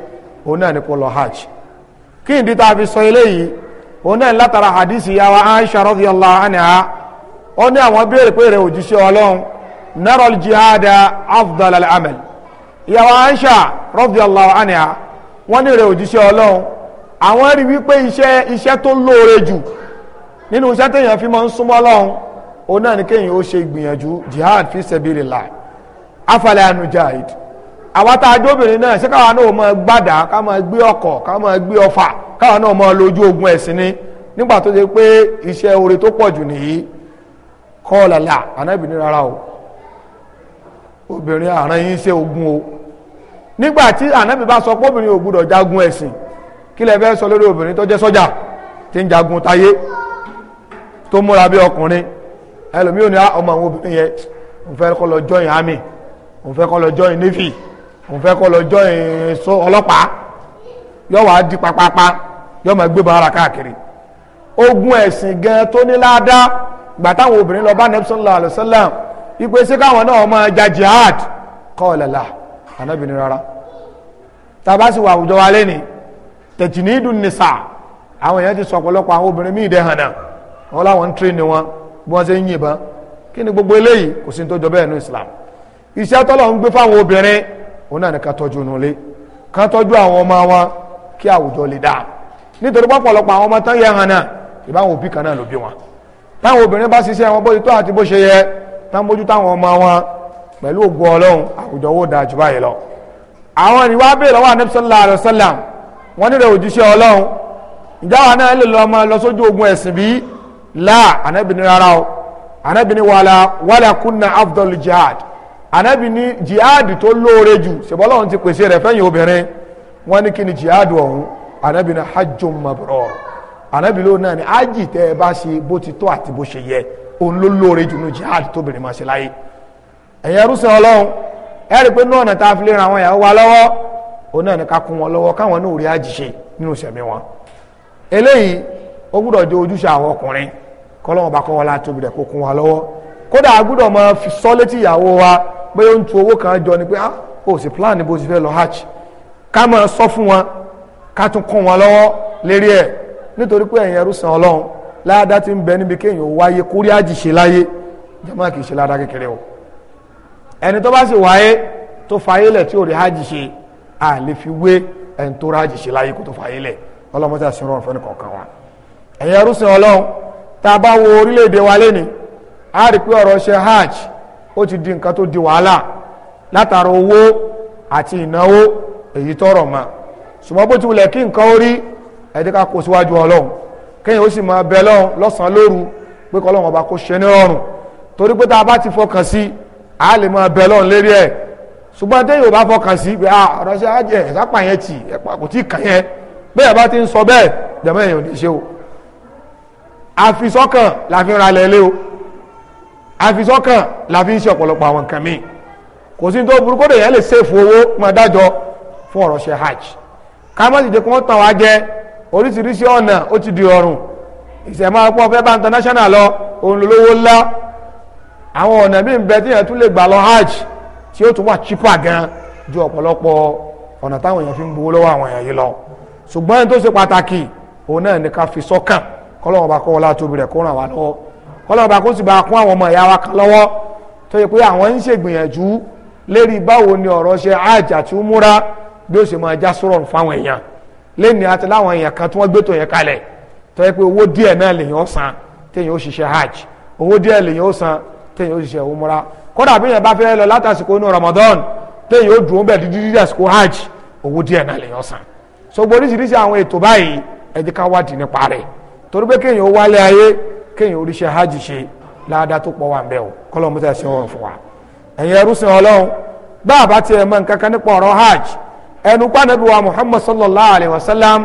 òun náà ni kò lọ hajj kí n dídá fi sọ eléyìí òun náà látara hadisi yàwá Aisha radiyallahu anha ó ní àwọn béèrè pé rẹ̀ òjíṣẹ́ ọlọ́run narol jihada afdal al amal yàwá Aisha radiyallahu anha wọ́n ní rẹ̀ òjíṣẹ́ ọlọ́run àwọn rí wípé iṣẹ́ iṣẹ́ tó lóore jù nínú iṣẹ́ téèyàn fi máa ń súnmọ́ lọ́hun òun náà ni kéèyàn ó ṣe ìgbìyànjú jihad fi sabilillah afala anujahid àwa tá a jó obìnrin náà ṣé káwa náà gbàdá ká gbé ká gbé ọfà náà lójú ogun ẹ̀sìn ni nígbà tó ṣe pé iṣẹ́ tó pọ̀ jù nìyí rárá o obìnrin àrán yín ṣe ogun o nígbà tí bá sọ pé obìnrin ò gbúdọ̀ jagun ẹ̀sìn kí lẹ fẹ́ sọ lórí obìnrin tó jẹ́ sọ́jà tí ń jagun táyé tó múra bí ọkùnrin ẹlòmíì ò ní ah, ọmọ àwọn obìnrin yẹn òun fẹ́ kọ́ lọ join army òun fẹ́ kọ́ lọ join navy òun fẹ́ kọ́ lọ join so ọlọ́pàá yọ wàá di papapa yọ máa gbé bàárà káàkiri ogun ẹ̀sìn gan tó ní ládàá gbàtàwọn obìnrin lọ bá nebsonla alẹ́sọ́lá ipe sí káwọn náà máa ja jihad kọ́ ọ̀lẹ̀lá ànábìnrin rárá tàbá sì wà àwùjọ wa lẹ́nìí tẹ̀jìnìdù nìsà àwọn èèyàn ti sọ ọ̀pọ̀lọpọ̀ àwọn obìnrin míì dẹ̀ hànà wọn láwọn ń tírì ní wọn bí wọ́n ṣe ń ni gbogbo eléyìí kò sí ní tó jọ Islam iṣẹ́ tọ́lọ̀ ń gbé fáwọn obìnrin òun náà ni ká tọ́jú nulẹ̀ ká tọ́jú àwọn ọmọ wọn kí àwùjọ lè dáa nítorí pọ̀pọ̀lọpọ̀ àwọn ọmọ tán yẹ hànà ìbáwọn òbí kan náà ló bí wọ́n nílẹ̀ òjíṣẹ́ ọlọ́run ìjáwá náà lè lọ máa lọ sójú ogun ẹ̀sìn bíi láà ànábì ní rárá o ànábì ní wàlà wàlà kúnna afdol jihad ànábì ní jihad tó lóore jù ṣèbọ́lọ́run ti pèsè rẹ̀ fẹ́yìn obìnrin wọ́n ní kí ni jihad ọ̀hún ànábì ní hajjum mabrur ànábì ló náà ni ájì tẹ́ ẹ bá ṣe bó ti tọ́ àti bó ṣe yẹ òun ló lóore jù ní jihad tóbìnrin máa ṣe láyé ẹ̀yẹ ọlọ́run ẹ̀rí pé náà tá òun náà ní ká kún wọn lọ́wọ́ káwọn náà rí àjìṣe nínú ìṣẹ̀mí wọn eléyìí ó gbúdọ̀ jẹ́ ojúṣe àwọn ọkùnrin kọ́lọ́wọ́n bá kọ́ wọn láti obìnrin kó kún wọn lọ́wọ́ kódà gbúdọ̀ máa fi sọ létí ìyàwó wa pé ó ń tu owó kan jọ ni pé ah o sì plan bó ti fẹ́ lọ hajj ká máa sọ fún wọn ká tún kún wọn lọ́wọ́ lérí ẹ̀ nítorí pé ẹ̀yin ẹrú san ọlọ́run láàdá ti ń bẹ níbi kéèyàn wáyé kórí àjìṣe láyé jẹ́mọ́ kì í ṣe láàdá kékeré o ẹni tó bá sì wáyé tó fayé lẹ̀ tí ò rí hajj ṣe a lè fi wé ẹni tó rájì ṣe láyé kó tó fà yé lẹ̀ àṣírò ọ̀fẹ́ ní kọ̀ọ̀kan wa ẹ̀yẹ rúṣin ọlọ́run tá a bá wo orílẹ̀-èdè wa lẹ́ni a rí pé ọ̀rọ̀ ṣe hajj ó ti di nǹkan tó di wàhálà látara owó àti ìnáwó èyí tọrọ mọ́ ṣùgbọ́n bó ti wulẹ̀ kí nǹkan ó rí ẹ̀dí ká kó síwájú ọlọ́run kéèyàn ó sì máa bẹ lọ́run lọ́sàn lóru pé kọ́lọ́run ọba kó ṣe ní rọrùn torí pé tá a bá ti fọkàn sí a lè máa bẹ lọ́run lérí ẹ̀ ṣùgbọ́n tẹ́yìn ò bá fọkàn sí pé ah ọ̀rọ̀ ṣe á jẹ ẹ̀sápà yẹn tì ẹ̀pà kò tí ì kàn yẹn bẹ́ẹ̀ bá ti ń sọ bẹ́ẹ̀ jẹ̀mọ́ èèyàn lè ṣe o àfisọ́kàn la fi ń ralẹ̀ lé o àfisọ́kàn la fi ń ṣe ọ̀pọ̀lọpọ̀ àwọn nǹkan míì kò sí tó burú kódà yẹn lè ṣèfù owó máa dájọ fún ọ̀rọ̀ ṣe hajj ká má sì jẹ́ kí wọ́n tàn wá jẹ oríṣiríṣi ọ̀nà ó ti di ọrùn ìṣẹ̀mọ́ apọ́ fẹ́ tí ó tún wà cheaper gan ju ọ̀pọ̀lọpọ̀ ọ̀nà táwọn èèyàn fi ń gbowó lọ́wọ́ àwọn èèyàn yìí lọ ṣùgbọ́n ẹni tó ṣe pàtàkì òun náà ní ká fi sọ́kàn kọ́lọ́wọ́ bá kọ́ wọlá tóbi rẹ̀ kó ràn wá lọ́wọ́ kọ́lọ́wọ́ bá kó sì bá kún àwọn ọmọ ìyá wa kan lọ́wọ́ tó yẹ pé àwọn ń ṣègbìyànjú lérí báwo ni ọ̀rọ̀ ṣe àjà tí ó múra bí ó ṣe máa já sọ̀rọ̀ fáwọn èèyàn lẹ́ni àti láwọn èèyàn kan tí wọ́n gbé tó yẹn kalẹ̀ tó yẹ pé owó díẹ̀ náà lèyàn ó san téèyàn ó ṣiṣẹ́ hajj owó díẹ̀ lèyàn ó san téèyàn ó ṣiṣẹ́ umra kódà bí yẹn bá fẹ́ lọ látàsìkò inú Ramadan téèyàn ó dùn ó bẹ̀ dídí àsìkò hajj owó díẹ̀ náà lèyàn san so gbogbo oríṣiríṣi àwọn ètò báyìí ẹ jẹ́ ká wádìí nípa rẹ̀ torí pé kéèyàn ó wálé ayé kéèyàn oríṣi hajj ṣe láàdá tó pọ̀ wà ń bẹ̀ o kọ́lọ́ mú tẹ̀ sí ọ̀rọ̀ fún wa ẹ̀yin ẹrú sin ọlọ́run bá a bá tiẹ̀ mọ nǹkan kan nípa ọ̀rọ̀ hajj ẹnu pàdánù wa Muhammad sallallahu alayhi wa sallam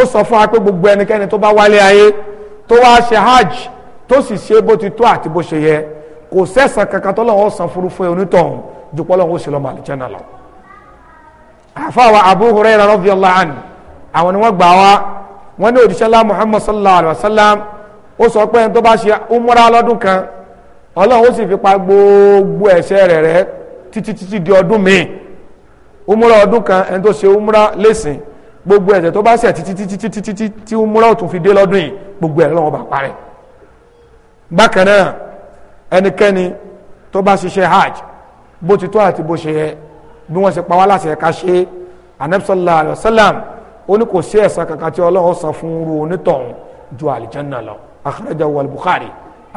ó sọ fún wa pé gbogbo ẹnikẹ́ni tó bá wálé ayé tó wá ṣe hajj tó sì ṣe kò sẹ́sàn kankan tó lọ́wọ́ san fúrufú onítọ̀hún dùpọ̀ lọ́wọ́ sí lọ́mọ àlùjẹ́nà lọ. àfàwà Abu Hurairah radiyallahu anhu àwọn ni wọ́n gbà wá wọ́n ní òjíṣẹ́ lá Muhammad sallallahu alayhi wa sallam ó sọ pé tó bá ṣe umra lọ́dún kan ọlọ́run ó sì fi pa gbogbo ẹ̀ṣẹ̀ rẹ̀ rẹ́ títí títí di ọdún míì umra ọdún kan ẹni tó ṣe umra lẹ́sìn gbogbo ẹ̀ṣẹ̀ tó bá ṣẹ̀ títí títí títí tí umra ó tún fi dé lọ́dún yìí gbogbo ẹ̀ lọ́wọ́ bá parẹ́ bákan náà ẹnikẹ́ni tó bá ṣiṣẹ́ hajj bó ti tó àti bó ṣe yẹ bí wọ́n ṣe pa wá láṣẹ ká ṣe Ànábì sallallahu alaihi wasallam ó ní kò sí ẹ̀san kankan tí Ọlọ́run san fún irú onítọ̀hún ju àlìjánná lọ akhrajahu al-Bukhari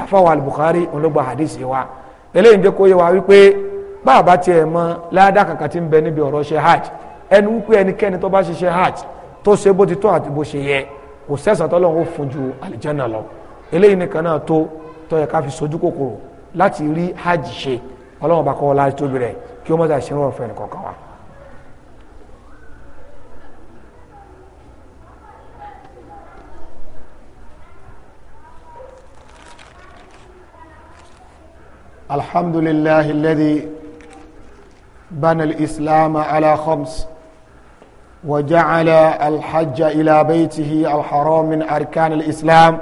afáwọ̀ al-Bukhari olóògbà hadisi wa eléyìí ń jẹ́ kó yé wa wípé báàbá tiẹ̀ mọ ládàá kankan ti ń bẹ níbi ọ̀rọ̀ ṣe hajj ẹni wípé ẹnikẹ́ni tó bá ṣiṣẹ́ hajj tó ṣe bó ti tó àti bó ṣe yẹ kò sẹ́san tọ́lọ́run ó fún ju àlìjánná lọ eléyìí nìkan náà tó tó ká fi sojú kòkòrò láti rí hajj ṣe ọlọ́run bá kọ́ ọ láti tóbi rẹ̀ kí ó mọ̀ta ṣe rọrùn fún wa. الحمد لله الذي بنى الإسلام على خمس وجعل الحج إلى بيته الحرام من أركان الإسلام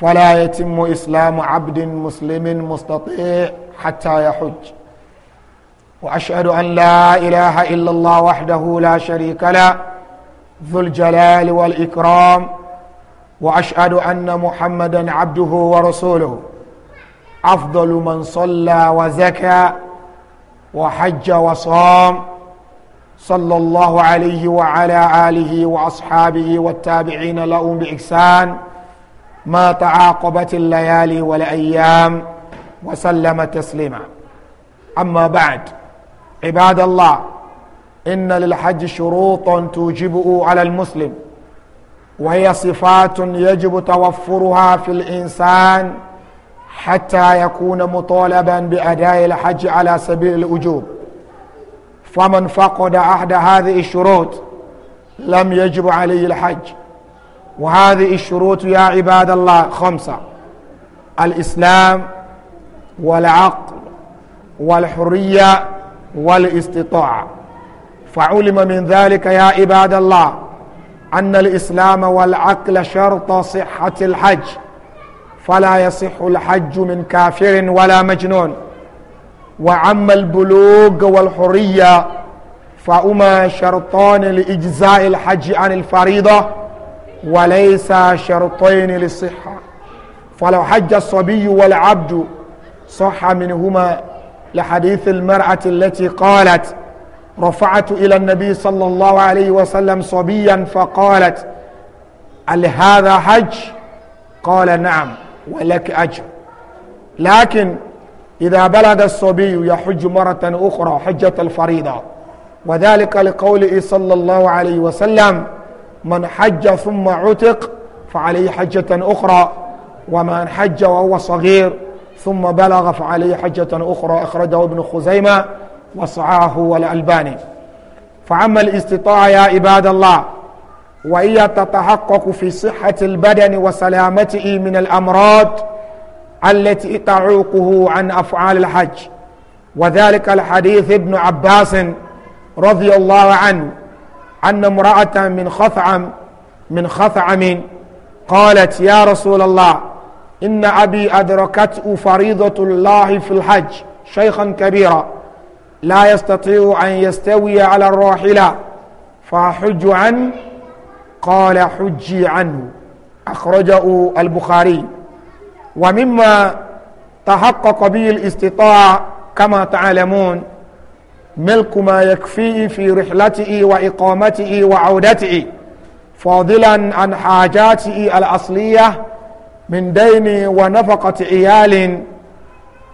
فلا يتم إسلام عبد مسلم مستطيع حتى يحج وأشهد أن لا إله إلا الله وحده لا شريك له ذو الجلال والإكرام وأشهد أن محمدا عبده ورسوله أفضل من صلى وزكى وحج وصام صلى الله عليه وعلى آله وأصحابه والتابعين لهم بإحسان ما تعاقبت الليالي والايام وسلم تسليما اما بعد عباد الله ان للحج شروط توجبه على المسلم وهي صفات يجب توفرها في الانسان حتى يكون مطالبا باداء الحج على سبيل الوجوب فمن فقد احد هذه الشروط لم يجب عليه الحج وهذه الشروط يا عباد الله خمسة الإسلام والعقل والحرية والاستطاعة فعلم من ذلك يا عباد الله أن الإسلام والعقل شرط صحة الحج فلا يصح الحج من كافر ولا مجنون وعم البلوغ والحرية فهما شرطان لإجزاء الحج عن الفريضة وليس شرطين للصحة فلو حج الصبي والعبد صح منهما لحديث المرأة التي قالت رفعت إلى النبي صلى الله عليه وسلم صبيا فقالت هل هذا حج قال نعم ولك أجر لكن إذا بلغ الصبي يحج مرة أخرى حجة الفريضة وذلك لقوله صلى الله عليه وسلم من حج ثم عتق فعليه حجة أخرى ومن حج وهو صغير ثم بلغ فعليه حجة أخرى أخرجه ابن خزيمة وصعاه والألباني فعما الاستطاعة يا عباد الله وهي تتحقق في صحة البدن وسلامته من الأمراض التي تعوقه عن أفعال الحج وذلك الحديث ابن عباس رضي الله عنه أن امرأة من خثعم من خثعم قالت يا رسول الله إن أبي أدركته فريضة الله في الحج شيخا كبيرا لا يستطيع أن يستوي على الراحلة فحج عنه قال حجي عنه أخرجه البخاري ومما تحقق به الاستطاعة كما تعلمون ملك ما يكفيه في رحلته وإقامته وعودته فاضلا عن حاجاته الأصلية من دين ونفقة عيال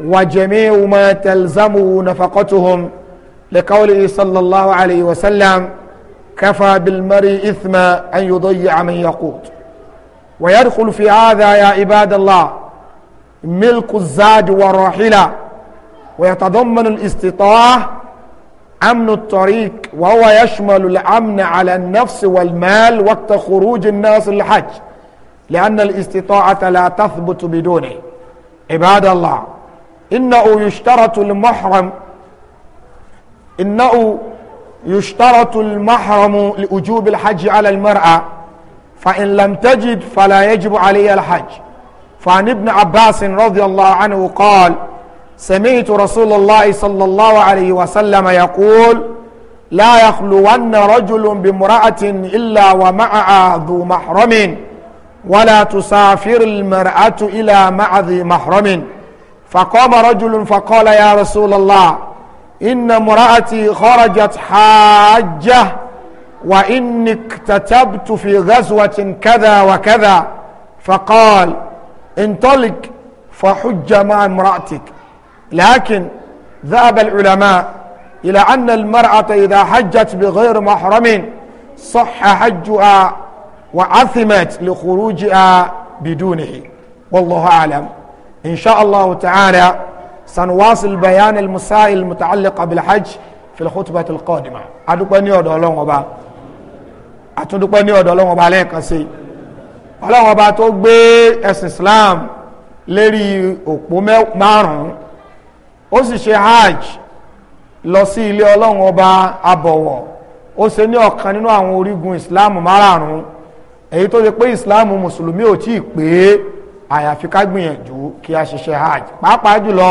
وجميع ما تلزم نفقتهم لقوله صلى الله عليه وسلم كفى بالمرء إثما أن يضيع من يقوت ويدخل في هذا يا عباد الله ملك الزاد والراحلة ويتضمن الاستطاعة امن الطريق وهو يشمل الامن على النفس والمال وقت خروج الناس للحج لان الاستطاعه لا تثبت بدونه عباد الله انه يشترط المحرم انه يشترط المحرم لوجوب الحج على المراه فان لم تجد فلا يجب عليها الحج فعن ابن عباس رضي الله عنه قال سمعت رسول الله صلى الله عليه وسلم يقول لا يخلون رجل بامرأة إلا ومعها ذو محرم ولا تسافر المرأة إلى مع ذي محرم فقام رجل فقال يا رسول الله إن امرأتي خرجت حاجة وإني اكتتبت في غزوة كذا وكذا فقال انطلق فحج مع امرأتك لكن ذهب العلماء إلى أن المرأة إذا حجت بغير محرم صح حجها وعثمت لخروجها بدونه والله أعلم إن شاء الله تعالى سنواصل بيان المسائل المتعلقة بالحج في الخطبة القادمة أدوكني أدو الله وبا أتدوكني أدو الله وبا عليك أسي. الله وبا توقبي إسلام لري òpó márùn ó sì ṣe hajj lọ sí ilé ọlọ́run ọba abọ̀wọ̀ ó ṣe ní ọ̀kan nínú àwọn orígun islam márààrún èyí tó ṣe pé islam mùsùlùmí ò tí pé àyàfi ká gbìyànjú kí a ṣiṣẹ́ hajj pàápàá jùlọ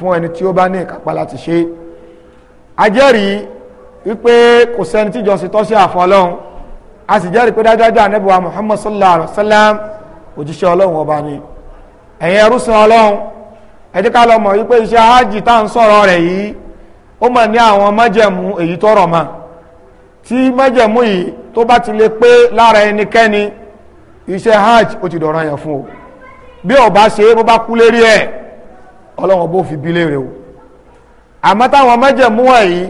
fún ẹni tí ó bá ní ìkápá láti ṣe a wípé kò sẹ́ni tíjọ sí tọ́sí àfọlọ́hún a sì jẹ́rìí pé dájúdájú ànábì wa sallallahu alayhi wa sallam òjíṣẹ́ ọlọ́run ọba ẹ jẹ́ ká lọ mọ̀ wípé iṣẹ́ hajj tá ń sọ̀rọ̀ rẹ̀ yìí ó mọ̀ ní àwọn májẹ̀mú èyí tó rọ̀ tí yìí tó bá ti lè pé lára ẹnikẹ́ni iṣẹ́ hajj ó ti dọ̀ràn yẹn fún o bí se bá ṣe bó bá kú lérí ẹ̀ bó fi bí léèrè o àmọ́ táwọn májẹ̀mú wọ̀nyí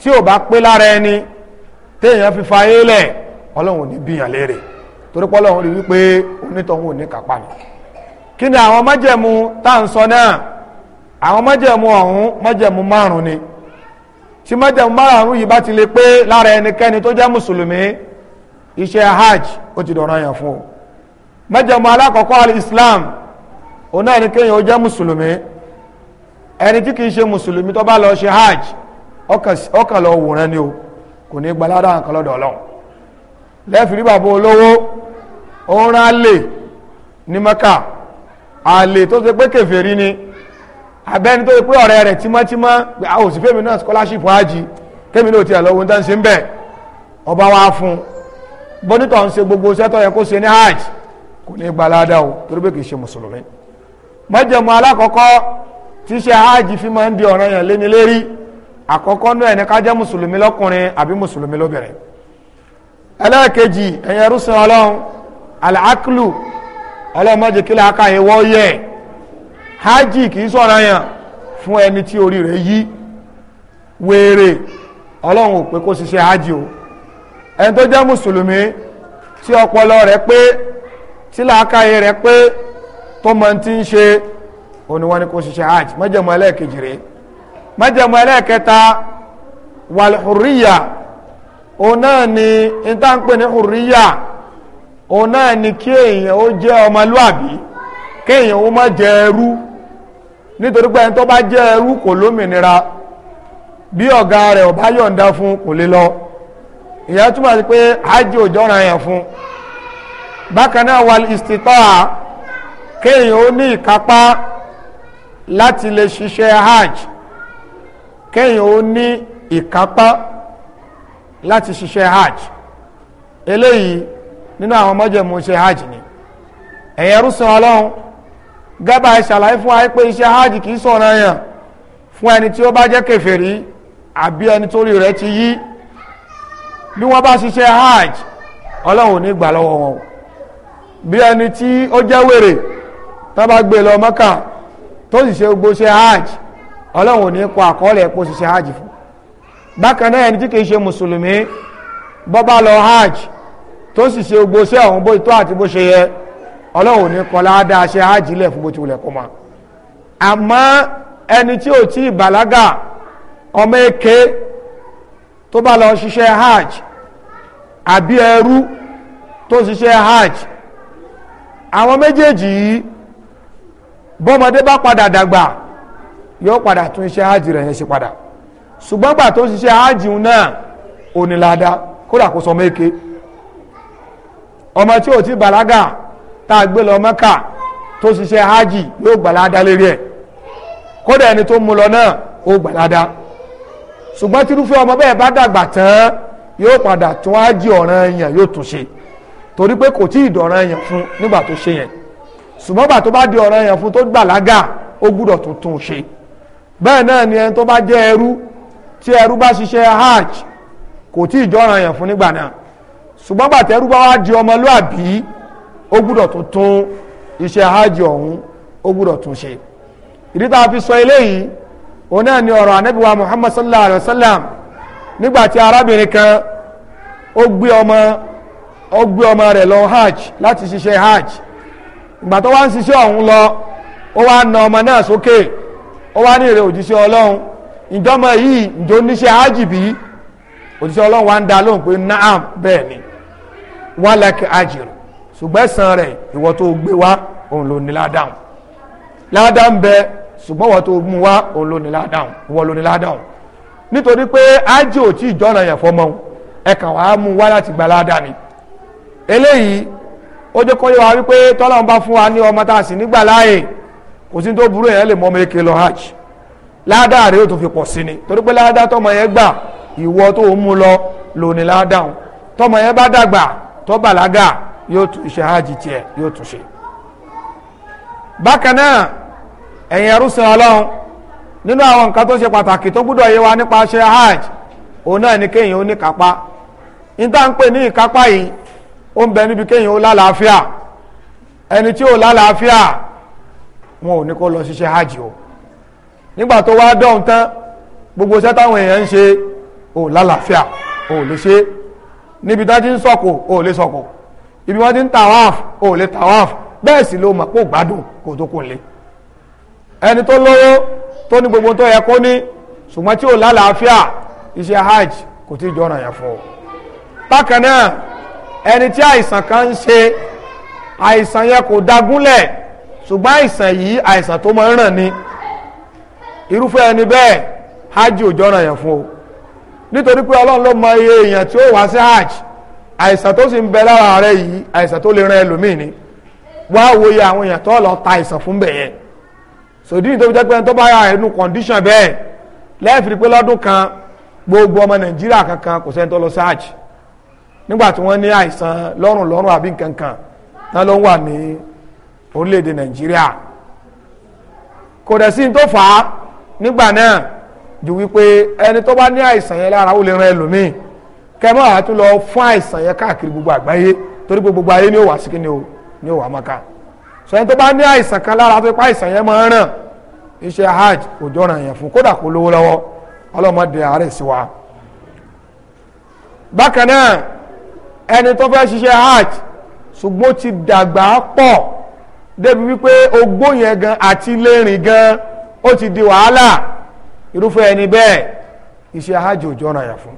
tí ò bá pé lára ẹni téèyàn fi fa ayé lẹ̀ ọlọ́run ò ní bíyàn léèrè torí rí wípé onítọ̀hún ò ní kápá ni. Kini ni àwọn májẹ̀mú tá à ń sọ náà àwọn májẹ̀mú ọ̀hún májẹ̀mú márùn ni tí májẹ̀mú márùn yìí bá ti lè pé lára ẹnikẹ́ni tó jẹ́ mùsùlùmí iṣẹ́ hajj ó ti dọ̀ràn yàn fún o májẹ̀mú alákọ̀ọ́kọ́ ona islam òun náà ẹnikẹ́yìn ó jẹ́ mùsùlùmí ẹni tí kìí ṣe mùsùlùmí tó bá lọ ṣe hajj ọkàn lọ wòran ni o kò ní gbalada nǹkan lọ́dọ̀ ọlọ́run lẹ́fìrí bàbá olówó rán lè ní àlè tó ṣe pé kèfèrí ni abẹ́ni tó ṣe pé ọ̀rẹ́ rẹ̀ tímọ́tímọ́ a ò sí fèmí náà scholarship hajj kémi náà ti àlọ́wọ́ tán ṣe ń bẹ̀ ọba wa fún ń ṣe gbogbo sẹ́tọ̀ yẹ kó ṣe ní hajj kò ní gba aládá o torí pé kì í ṣe hajj fi máa ń di ọ̀ràn yẹn lé ní lérí àkọ́kọ́ náà ọlọ́mọdé kí láàká yẹn wọ́ yẹ hajj kì í sọ̀rọ̀ yàn fún ẹni tí orí rẹ̀ yí wéèrè ọlọ́run ò pé kó ṣiṣẹ́ hajj o ẹni tó jẹ́ mùsùlùmí tí ọpọlọ rẹ̀ pé tí láàká yẹn rẹ̀ pé tó mọ ti ń ṣe òní kó ṣiṣẹ́ hajj májẹ̀mú ẹlẹ́ẹ̀kejì rẹ̀ májẹ̀mú ẹlẹ́ẹ̀kẹta wàlhùríyà òun náà ni ìtànpẹ̀ ní hùríyà òun náà ni kí èèyàn ó jẹ́ ọmọlúàbí kí èèyàn ó má jẹ ẹrú nítorí pé ẹni tó bá jẹ ẹrú kò lómìnira bí ọ̀gá rẹ̀ ọba bá yọ̀ǹda fún kò lè lọ ìyẹn túmọ̀ sí pé hajj ò jọ́ra yẹn fún bákan náà wal istita'a kí èèyàn ó ní ìkápá láti lè ṣiṣẹ́ hajj kí èèyàn ó ní ìkápá láti ṣiṣẹ́ hajj eléyìí nínú àwọn mọ́jẹ̀mú ṣe hajj ni ẹ̀yẹ rúṣọ ọlọ́run gábà ṣàlàyé fún wa pé iṣẹ́ hajj kì í sọ̀rọ̀ yàn fún ẹni tí ó bá jẹ́ kèfèrí àbí ẹni tó rí ti yí bí wọ́n bá ṣiṣẹ́ hajj ọlọ́run ò ní gbà wọn bí ẹni tí ó wèrè bá gbé lọ hajj ò ní kó hajj fún tó sì ṣe gbogbo sí àwọn bó tó àti bó ṣe yẹ ọlọ́run ní fún ma ẹni tí ò tí ì bàlágà ọmọ eke tó bá lọ ṣiṣẹ́ hajj àbí ẹrú tó ṣiṣẹ́ hajj àwọn méjèèjì yìí bọ́mọdé bá padà dàgbà yóò padà tún hajj rẹ̀ yẹn ṣe padà ṣùgbọ́n gbà hajj náà ò ní ládàá kódà ọmọ tí ò ti bàlágà tá a gbé lọ Mẹ́kà tó ṣiṣẹ́ hajj yóò gbàládá lérí ẹ̀ kódà ẹni tó mú lọ náà ó gbàládá ṣùgbọ́n tírúfẹ́ ọmọ bẹ́ẹ̀ bá dàgbà tán yóò padà tún hajj ọ̀ràn yẹn yóò tún ṣe torí pé kò tí ì dọ̀ràn yẹn fún nígbà tó ṣe yẹn ṣùgbọ́n gbà tó bá di ọ̀ràn yẹn fún tó gbàlágà ó gbúdọ̀ tuntun ṣe bẹ́ẹ̀ náà ni ẹni tó bá jẹ́ ẹrú tí ẹrú bá ṣiṣẹ́ hajj kò tí ì jọ́ràn yẹn fún nígbà náà ṣùgbọ́n gbàtẹ́rú bá wá di ọmọlúàbí ó gbúdọ̀ tún iṣẹ́ hajj ọ̀hún ó gbúdọ̀ tún ṣe ìdí tá a fi sọ eléyìí òun náà ni ọ̀rọ̀ muhammad sallallahu alayhi wa sallam nígbà tí kan ó gbé ọmọ ó gbé lọ hajj láti ṣiṣẹ́ hajj ìgbà tó wá ń ṣiṣẹ́ ọ̀hún lọ ó wá na ọmọ náà sókè ó wá ní òjíṣẹ́ ọlọ́run hajj bí òjíṣẹ́ ọlọ́run wá ń lóhùn pé naam bẹ́ẹ̀ ni wàlàkì àjìr ṣùgbọ́n ẹ̀san rẹ̀ ìwọ tó gbé wá òun ló ní ládàáhùn ládàáhùn bẹ ṣùgbọ́n ìwọ tó mú wá òun ló ní ládàáhùn ìwọ ló ní ládàáhùn nítorí pé ájì ò tí ìjọ́ra yẹn fọmọ mú wá láti gba ni eléyìí ó jẹ́ kó yé wa wípé tọ́lọ́run bá fún wa ní ọmọ tá a sì nígbà láàyè kò sí tó burú lọ hajj ó tó fi pọ̀ sí ni torí pé tọmọ yẹn gbà tó lọ tọmọ yẹn bá dàgbà tó bàlágà yóò tún ṣe hajj tiẹ̀ yóò tún ṣe bákan náà ẹ̀yin ọlọ́run nínú àwọn nǹkan tó ṣe pàtàkì tó gbúdọ̀ yé wa nípa ṣe hajj òun náà ni kéèyàn ó ní kápá níta ń pè ní ìkápá yìí ẹni tí ó lálàáfíà wọn ò ní kó lọ ṣiṣẹ́ hajj o nígbà tó wá dọ̀hún tán níbi tá ti ń sọ̀kò ò lè sọ̀kò ibi wọ́n ti ń tàwáf ò lè tàwáf bẹ́ẹ̀ sì ló mọ̀ pé gbádùn kò tó kò lè ẹni tó lówó tó ní gbogbo tó yẹ kó ní ṣùgbọ́n tí ò lálàáfíà iṣẹ́ hajj kò tí ì jọ́ràn yẹn fún ọ bákan náà ẹni tí àìsàn kan ń ṣe àìsàn yẹn kò dagúnlẹ̀ ṣùgbọ́n àìsàn yìí àìsàn tó máa ń ràn ni irúfẹ́ ẹni bẹ́ẹ̀ hajj ò jọ́ràn yẹn fún o nítorí pé ọlọ́run ló mọ iye èèyàn tí ó wá sí hajj àìsàn tó sì ń bẹ lára rẹ yìí àìsàn tó lè ran ẹlòmíì ni wá wo iye àwọn èèyàn tó lọ ta àìsàn fún bẹ̀ yẹn sòdí ní tóbi jẹ́ pé tó bá yà ẹnu kọ̀ǹdíṣàn bẹ́ẹ̀ lẹ́ẹ̀fì pé lọ́dún kan gbogbo ọmọ nàìjíríà kankan kò sẹ́ni tó lọ sí hajj nígbà tí wọ́n ní àìsàn lọ́rùn lọ́rùn àbí nkankan náà ló ń wà ní orílẹ̀-èdè nàìjíríà kò dẹ̀ sí ní tó fà á nígbà náà ju wípé ẹni tó bá ní àìsàn yẹn lára ó lè ran ẹlòmíì kẹmọ́ àtún lọ fún àìsàn yẹn káàkiri gbogbo àgbáyé torí gbogbo ayé ni ó wà sí kíni o ni ó wà mọ́ka sọ ẹni tó bá ní àìsàn kan lára tó pa àìsàn yẹn máa ń ràn iṣẹ́ hajj kò jọ̀ràn yẹn fún kódà kó lówó lọ́wọ́ ọlọ́mọdé àárẹ̀ sí wa. bákan náà ẹni tó fẹ́ ṣiṣẹ́ hajj ṣùgbọ́n ti dàgbà pọ̀ débi wípé ogbó yẹn gan àti lérìn gan ó ti di wàhálà irúfẹ́ ẹni bẹ́ẹ̀ iṣẹ́ hajj òjò yà fún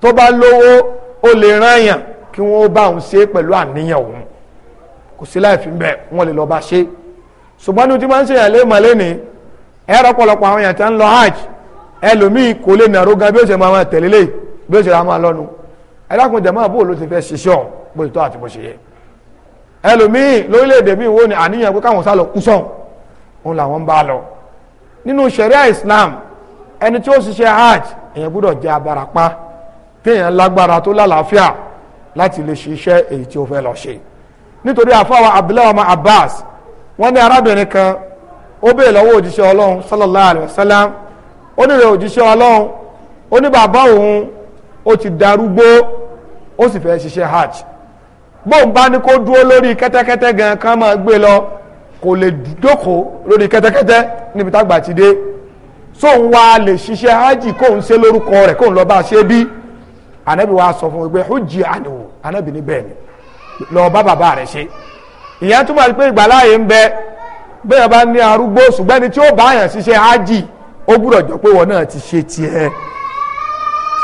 tó bá lówó ó lè rán yàn kí wọ́n bá òun ṣe pẹ̀lú àníyàn òun kò sí láì bẹ́ẹ̀ wọ́n lè lọ bá ṣe ṣùgbọ́n ní o ti máa ń ṣe àwọn tí ń lọ hajj ẹlòmíì kò lè nàró gan bí ó ṣe máa tẹ̀lé lé bí ó ṣe máa lọ́nu ni àníyàn lọ kú òun làwọn ń bá lọ nínú Islam ẹni tí ó ṣiṣẹ́ hajj èèyàn gbúdọ̀ jẹ́ abarapá kéèyàn lágbára tó lálàáfíà láti lè ṣiṣẹ́ èyí tí ó fẹ́ lọ ṣe nítorí àfáwà abdullahi abbas wọn ní arábìnrin kan ó béèrè lọ́wọ́ òjíṣẹ́ ọlọ́run sallallahu alayhi wa sallam ó nílò òjíṣẹ́ ọlọ́run ó ní bàbá òun ó ti darúgbó ó sì fẹ́ ṣiṣẹ́ hajj bóun bá ní kó dúró lórí kẹ́tẹ́kẹ́tẹ́ gan kan máa gbé lọ kò lè lórí kẹ́tẹ́kẹ́tẹ́ níbi sóun wa lè ṣiṣẹ́ hajj kóun ṣe lórúkọ rẹ̀ kóun lọ a ṣe bí anabi wa sọ fún ẹgbẹ́ hujji ànìwò anabi ní bẹ́ẹ̀ ni lọ bá bàbá rẹ̀ ṣe ìyẹn túmọ̀ sí pé ń bẹ bẹ́ẹ̀ bá ní arúgbó ṣùgbọ́n ẹni tí ó bá yàn hajj ó gbúdọ̀ jọ pé ti ṣe tiẹ̀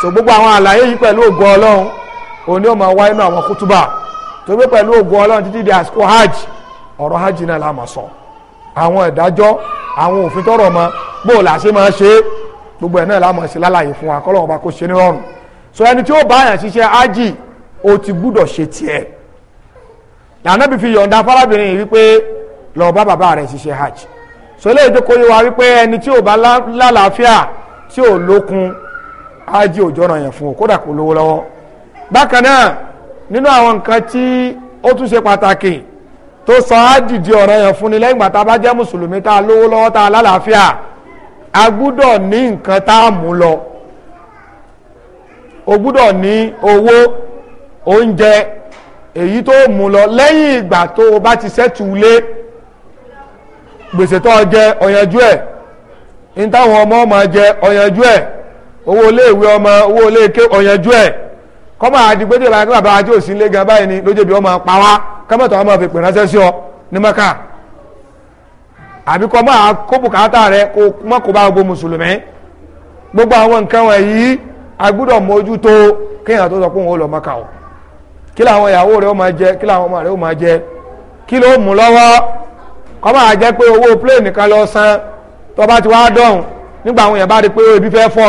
so gbogbo àwọn àlàyé yìí pẹ̀lú ọlọ́run òun ni ó máa wá inú àwọn kútúbà di àsìkò hajj ọ̀rọ̀ hajj náà la máa So. àwọn ìdájọ́ àwọn òfin tọrọ mọ bó la ṣe máa ṣe gbogbo ẹ̀ náà la máa ṣe lálàyé fún wa kọ́lọ́wọ́n bá kó ṣe ní rọrùn so ẹni tí ó bá yàn ṣiṣẹ́ ájì ó ti gbúdọ̀ ṣe tiẹ̀ lànàbí fi yọ̀ǹda fárábìnrin yìí wípé lọ bá bàbá rẹ̀ ṣiṣẹ́ hajj so ilé ìjókòó yìí wá wípé ẹni tí ò bá lálàáfíà tí ò lókun ájì ò jọ̀ràn yẹn fún o kódà kò lówó lọ́wọ́ bákan náà nínú àwọn nǹkan tí ó tún ṣe pàtàkì tó sọ á dìdì ọ̀rọ̀ yẹn fún ni lẹ́yìn ìgbà bá jẹ́ mùsùlùmí tá a lówó lọ́wọ́ tá a lálàáfíà a gbúdọ̀ ní nǹkan tá a mú lọ o gbúdọ̀ ní owó oúnjẹ èyí tó mú lọ lẹ́yìn ìgbà tó o bá ti sẹ́tù lé gbèsè tó o jẹ ọ̀yanjú ẹ̀ ní táwọn ọmọ ọmọ jẹ ọ̀yanjú ẹ̀ owó iléèwé ọmọ owó iléèké ọ̀yanjú ẹ̀ kọ́mọ àdìgbẹ́dẹ́ la nígbà bá a tí ò sí ilé gan báyìí ni lójúbi ọmọ pa wá kọ́mọ̀tò ọmọ fèpè ránṣẹ́ sí ọ ní mọ́kà àbí rẹ kó mọ́ bá gbogbo mùsùlùmí gbogbo àwọn nǹkan wọ̀nyí agbúdọ̀ mójútó kéèyàn tó sọ pé òun o kí làwọn ìyàwó jẹ kí làwọn ọmọ rẹ ó máa jẹ kí ló mú pé owó ọ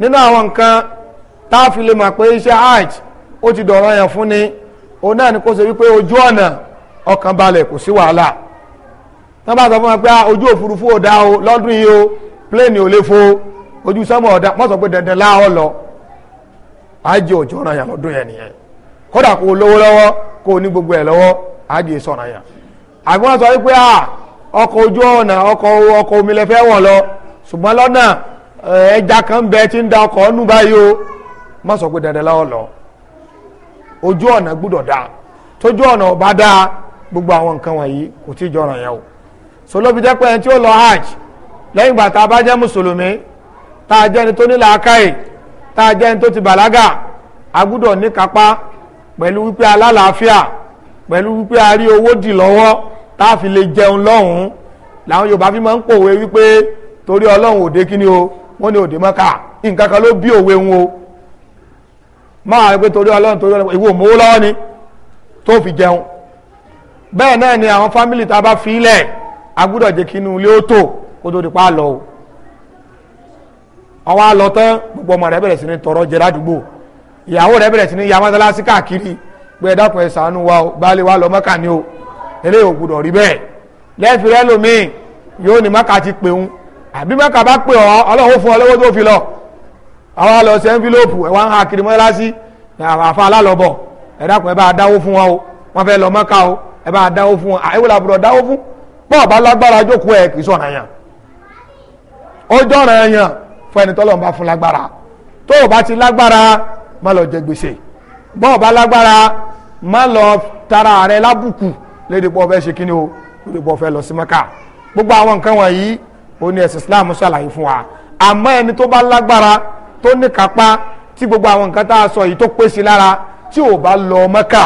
nínú àwọn nǹkan táàfin lè mọ̀ pé iṣẹ́ hajj ó ti dọ̀rọ̀ yẹn fún ni òun náà ni kó ṣe wípé ojú ọ̀nà ọkàn balẹ̀ kò sí wàhálà bá sọ fún pé ah, ojú òfurufú ò dá o lọ́dún yìí o pléènì ò lè fo ojú sọ́mọ̀ ọ̀dá mọ́sọ̀ pé dandan lọ òjò yà lọ́dún yẹn nìyẹn kódà lówó lọ́wọ́ ní gbogbo Eh, ẹja kan bẹ ti ń da báyìí o má sọ pé dandan láwọn lọ ojú ọ̀nà gbúdọ̀ dáa tójú ọ̀nà dáa gbogbo àwọn nǹkan wọ̀nyí kò tí ì yẹn o sọlọ́bi jẹ́ pé ẹni tí ó lọ hajj lẹ́yìn ìgbà tá a bá jẹ́ mùsùlùmí tá a jẹ́ ẹni tó tá a jẹ́ ẹni wípé alálàáfíà pẹ̀lú wípé a owó dì lọ́wọ́ tá a fi lè jẹun lọ́hùn-ún làwọn wípé torí Ọlọ́run òde wọ́n ní òde mọ́ká nǹkan kan ló bí òwe wọn o máa rí torí ọlọ́run torí ọlọ́run ìwò ni tó fi jẹun bẹ́ẹ̀ náà ni àwọn fámìlì tá bá fi ilẹ̀ a jẹ́ kí inú ilé ó tò kó o àwọn tán gbogbo ọmọ rẹ bẹ̀rẹ̀ sí ní tọrọ jẹ ládùúgbò ìyàwó rẹ sí ní ya káàkiri pé wa baálé wa lọ ni o eléyìí ò àbí mẹ́ka bá pè ọ́ ọlọ́run fún ọ lọ́wọ́ tó fi lọ àwa lọ sí ẹnfílópù ẹ̀ wá ń ha kiri mọ́lá sí àfa alálọ́bọ̀ ẹ dákun ẹ bá dáwó fún wọn o wọ́n fẹ́ lọ mẹ́ka o ẹ bá dáwó fún wọn àyẹ̀wò làbúrò dáwó fún pọ̀ bá lágbára jókòó ẹ̀ kì í sọ̀rọ̀ yàn ó jọ̀rọ̀ yàn fún ẹni tọ́lọ́run bá fún lágbára tó o bá ti lágbára má lọ jẹ gbèsè bọ́ ọ lágbára má lọ tara rẹ lábùkù lédè pọ̀ fẹ́ ṣe kíni o lédè pọ̀ fẹ́ lọ sí mẹ́ka gbogbo àwọn nǹkan wọ̀nyí ó ní ẹ̀sìn islam ṣàlàyé fún wa àmọ́ ẹni tó bá lágbára tó ní kápá tí gbogbo àwọn nǹkan tá a sọ yìí tó pé sí lára tí ò bá lọ Mẹ́kà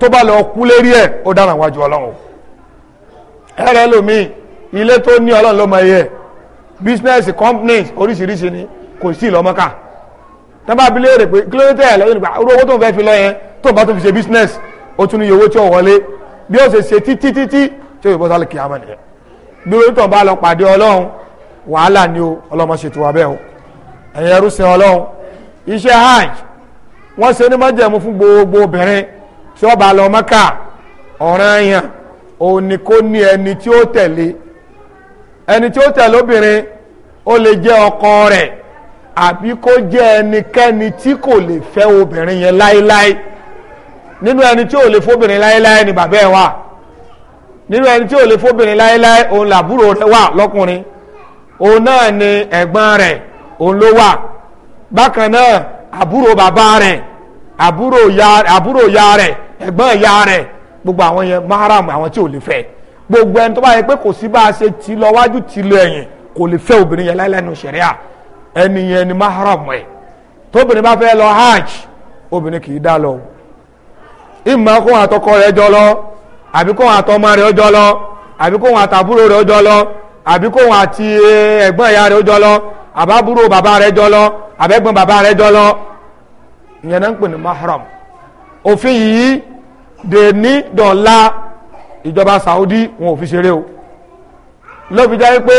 tó bá lọ kú lérí ẹ̀ ó dára wájú Ọlọ́run ẹ̀rẹ́ lómi ilé tó ní Ọlọ́run ló mọ iye business companies oríṣiríṣi ni kò sí lọ Mẹ́kà tábà bí léèrè pé kí ló dé tẹ̀ lẹ́yìn nígbà irú owó tó ń fẹ́ fi lọ yẹn tó bá tó fi ṣe business ó tún ní iye owó tí ó wọlé bí ó ṣe ṣe títí títí tí ó yẹ bọ́sálì kìámà nìyẹn bí orí bá lọ pàdé ọlọ́run wàhálà ni o ọlọ́mọ ṣètò abẹ́ o ẹ̀yin ẹrú ọlọ́run iṣẹ́ hajj wọ́n ṣe ní fún gbogbo obìnrin tí ó bá lọ Mẹ́kà ọ̀ràn ni ní ẹni tí ó tẹ̀lé ẹni tí ó tẹ̀lé obìnrin ó lè jẹ́ ọkọ rẹ̀ àbí kó jẹ́ ẹnikẹ́ni tí kò lè nínú ẹni tí ò lè fóbìnrin láéláé òun làbúrò rẹ̀ wà lọ́kùnrin òun náà ni ẹ̀gbọ́n rẹ̀ òun ló wà bákan náà àbúrò bàbá rẹ̀ àbúrò ya àbúrò ya rẹ̀ ẹ̀gbọ́n ìyá rẹ̀ gbogbo àwọn yẹn maharam àwọn tí ò lè fẹ́ gbogbo ẹni tó bá yẹ pé kò sí bá a ṣe ti lọ wájú ti lọ ẹ̀yìn kò lè fẹ́ obìnrin yẹn láéláé nù ṣẹ̀ríà ẹni yẹn ni maharam ẹ̀ tóbìnrin bá fẹ́ lọ hajj obìnrin kì í dá lọ ìmọ̀ kó àtọkọ rẹ̀ jọ lọ àbí kóhun àtọmọ rẹ̀ ọjọ́ lọ àbí kóhun àtàbúrò rẹ̀ ọjọ́ lọ àbí kóhun àti e, ẹ̀gbọ́n ìyá rẹ̀ ọjọ́ lọ àbábúrò bàbá rẹ̀ jọ lọ àbẹ́gbọ́n bàbá rẹ̀ jọ lọ ìyẹn náà ń pè ní mahram òfin yìí dè ní dọ̀la ìjọba Saudi wọn ò fi ṣeré o lóbi jẹ́ pé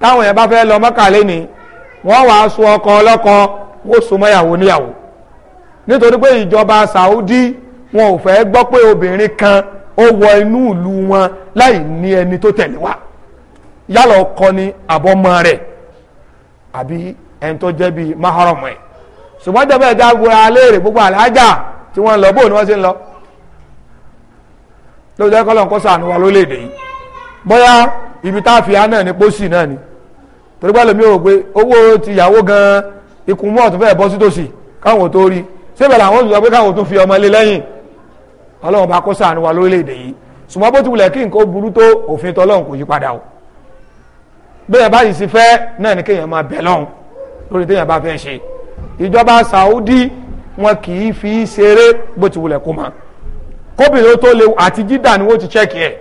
táwọn yẹn bá fẹ́ lọ mọ́kàlẹ́ ni wọ́n wàá so ọkọ ọlọ́kọ wọ́n so mọ́yàwó níyàwó nítorí pé ìjọba Saudi wọn ò fẹ́ gbọ́ pé obìnrin kan ó wọ inú ìlú wọn láì ní ẹni tó tẹ̀lé wa yálà ọkọ ni àbọ̀mọ rẹ̀ àbí ẹni tó jẹ́ bíi maharam ẹ̀ ṣùgbọ́n jẹ́ bẹ́ẹ̀ dáàbò aléèrè gbogbo àlájà tí wọ́n lọ bó ni wọ́n ṣe ń lọ lóòótọ́ ẹ̀kọ́ lọ́nkọ́ sànù wa lóléèdè yìí bóyá ibi tá a fi hàn ni pósì náà ni torí pẹ́ lómi ò pé owó ti yàwó gan-an ikùn mọ́ọ̀tún fẹ́ẹ̀ bọ́ sí tòsí káwọn tó rí síbẹ̀ làwọn ò sọ pé káwọn tó fi ọmọ ilé lẹ́yìn ọlọ́run bá kó ṣàánú wa lórílẹ̀‐èdè yìí ṣùgbọ́n bó ti wulẹ̀ kí nǹkan ó burú tó òfin tọ́lọ́run kò yí padà o bẹ́ẹ̀ bá sí fẹ́ náà ni kéèyàn máa bẹ̀ lọ́hùn lórí téèyàn bá fẹ́ ṣe ìjọba Saudi wọn kì í fi ṣeré bó ti wulẹ̀ kó ma kóbìnrin tó léwu àti jídà ni wọ́n ti ṣẹ́ẹ̀kì ẹ̀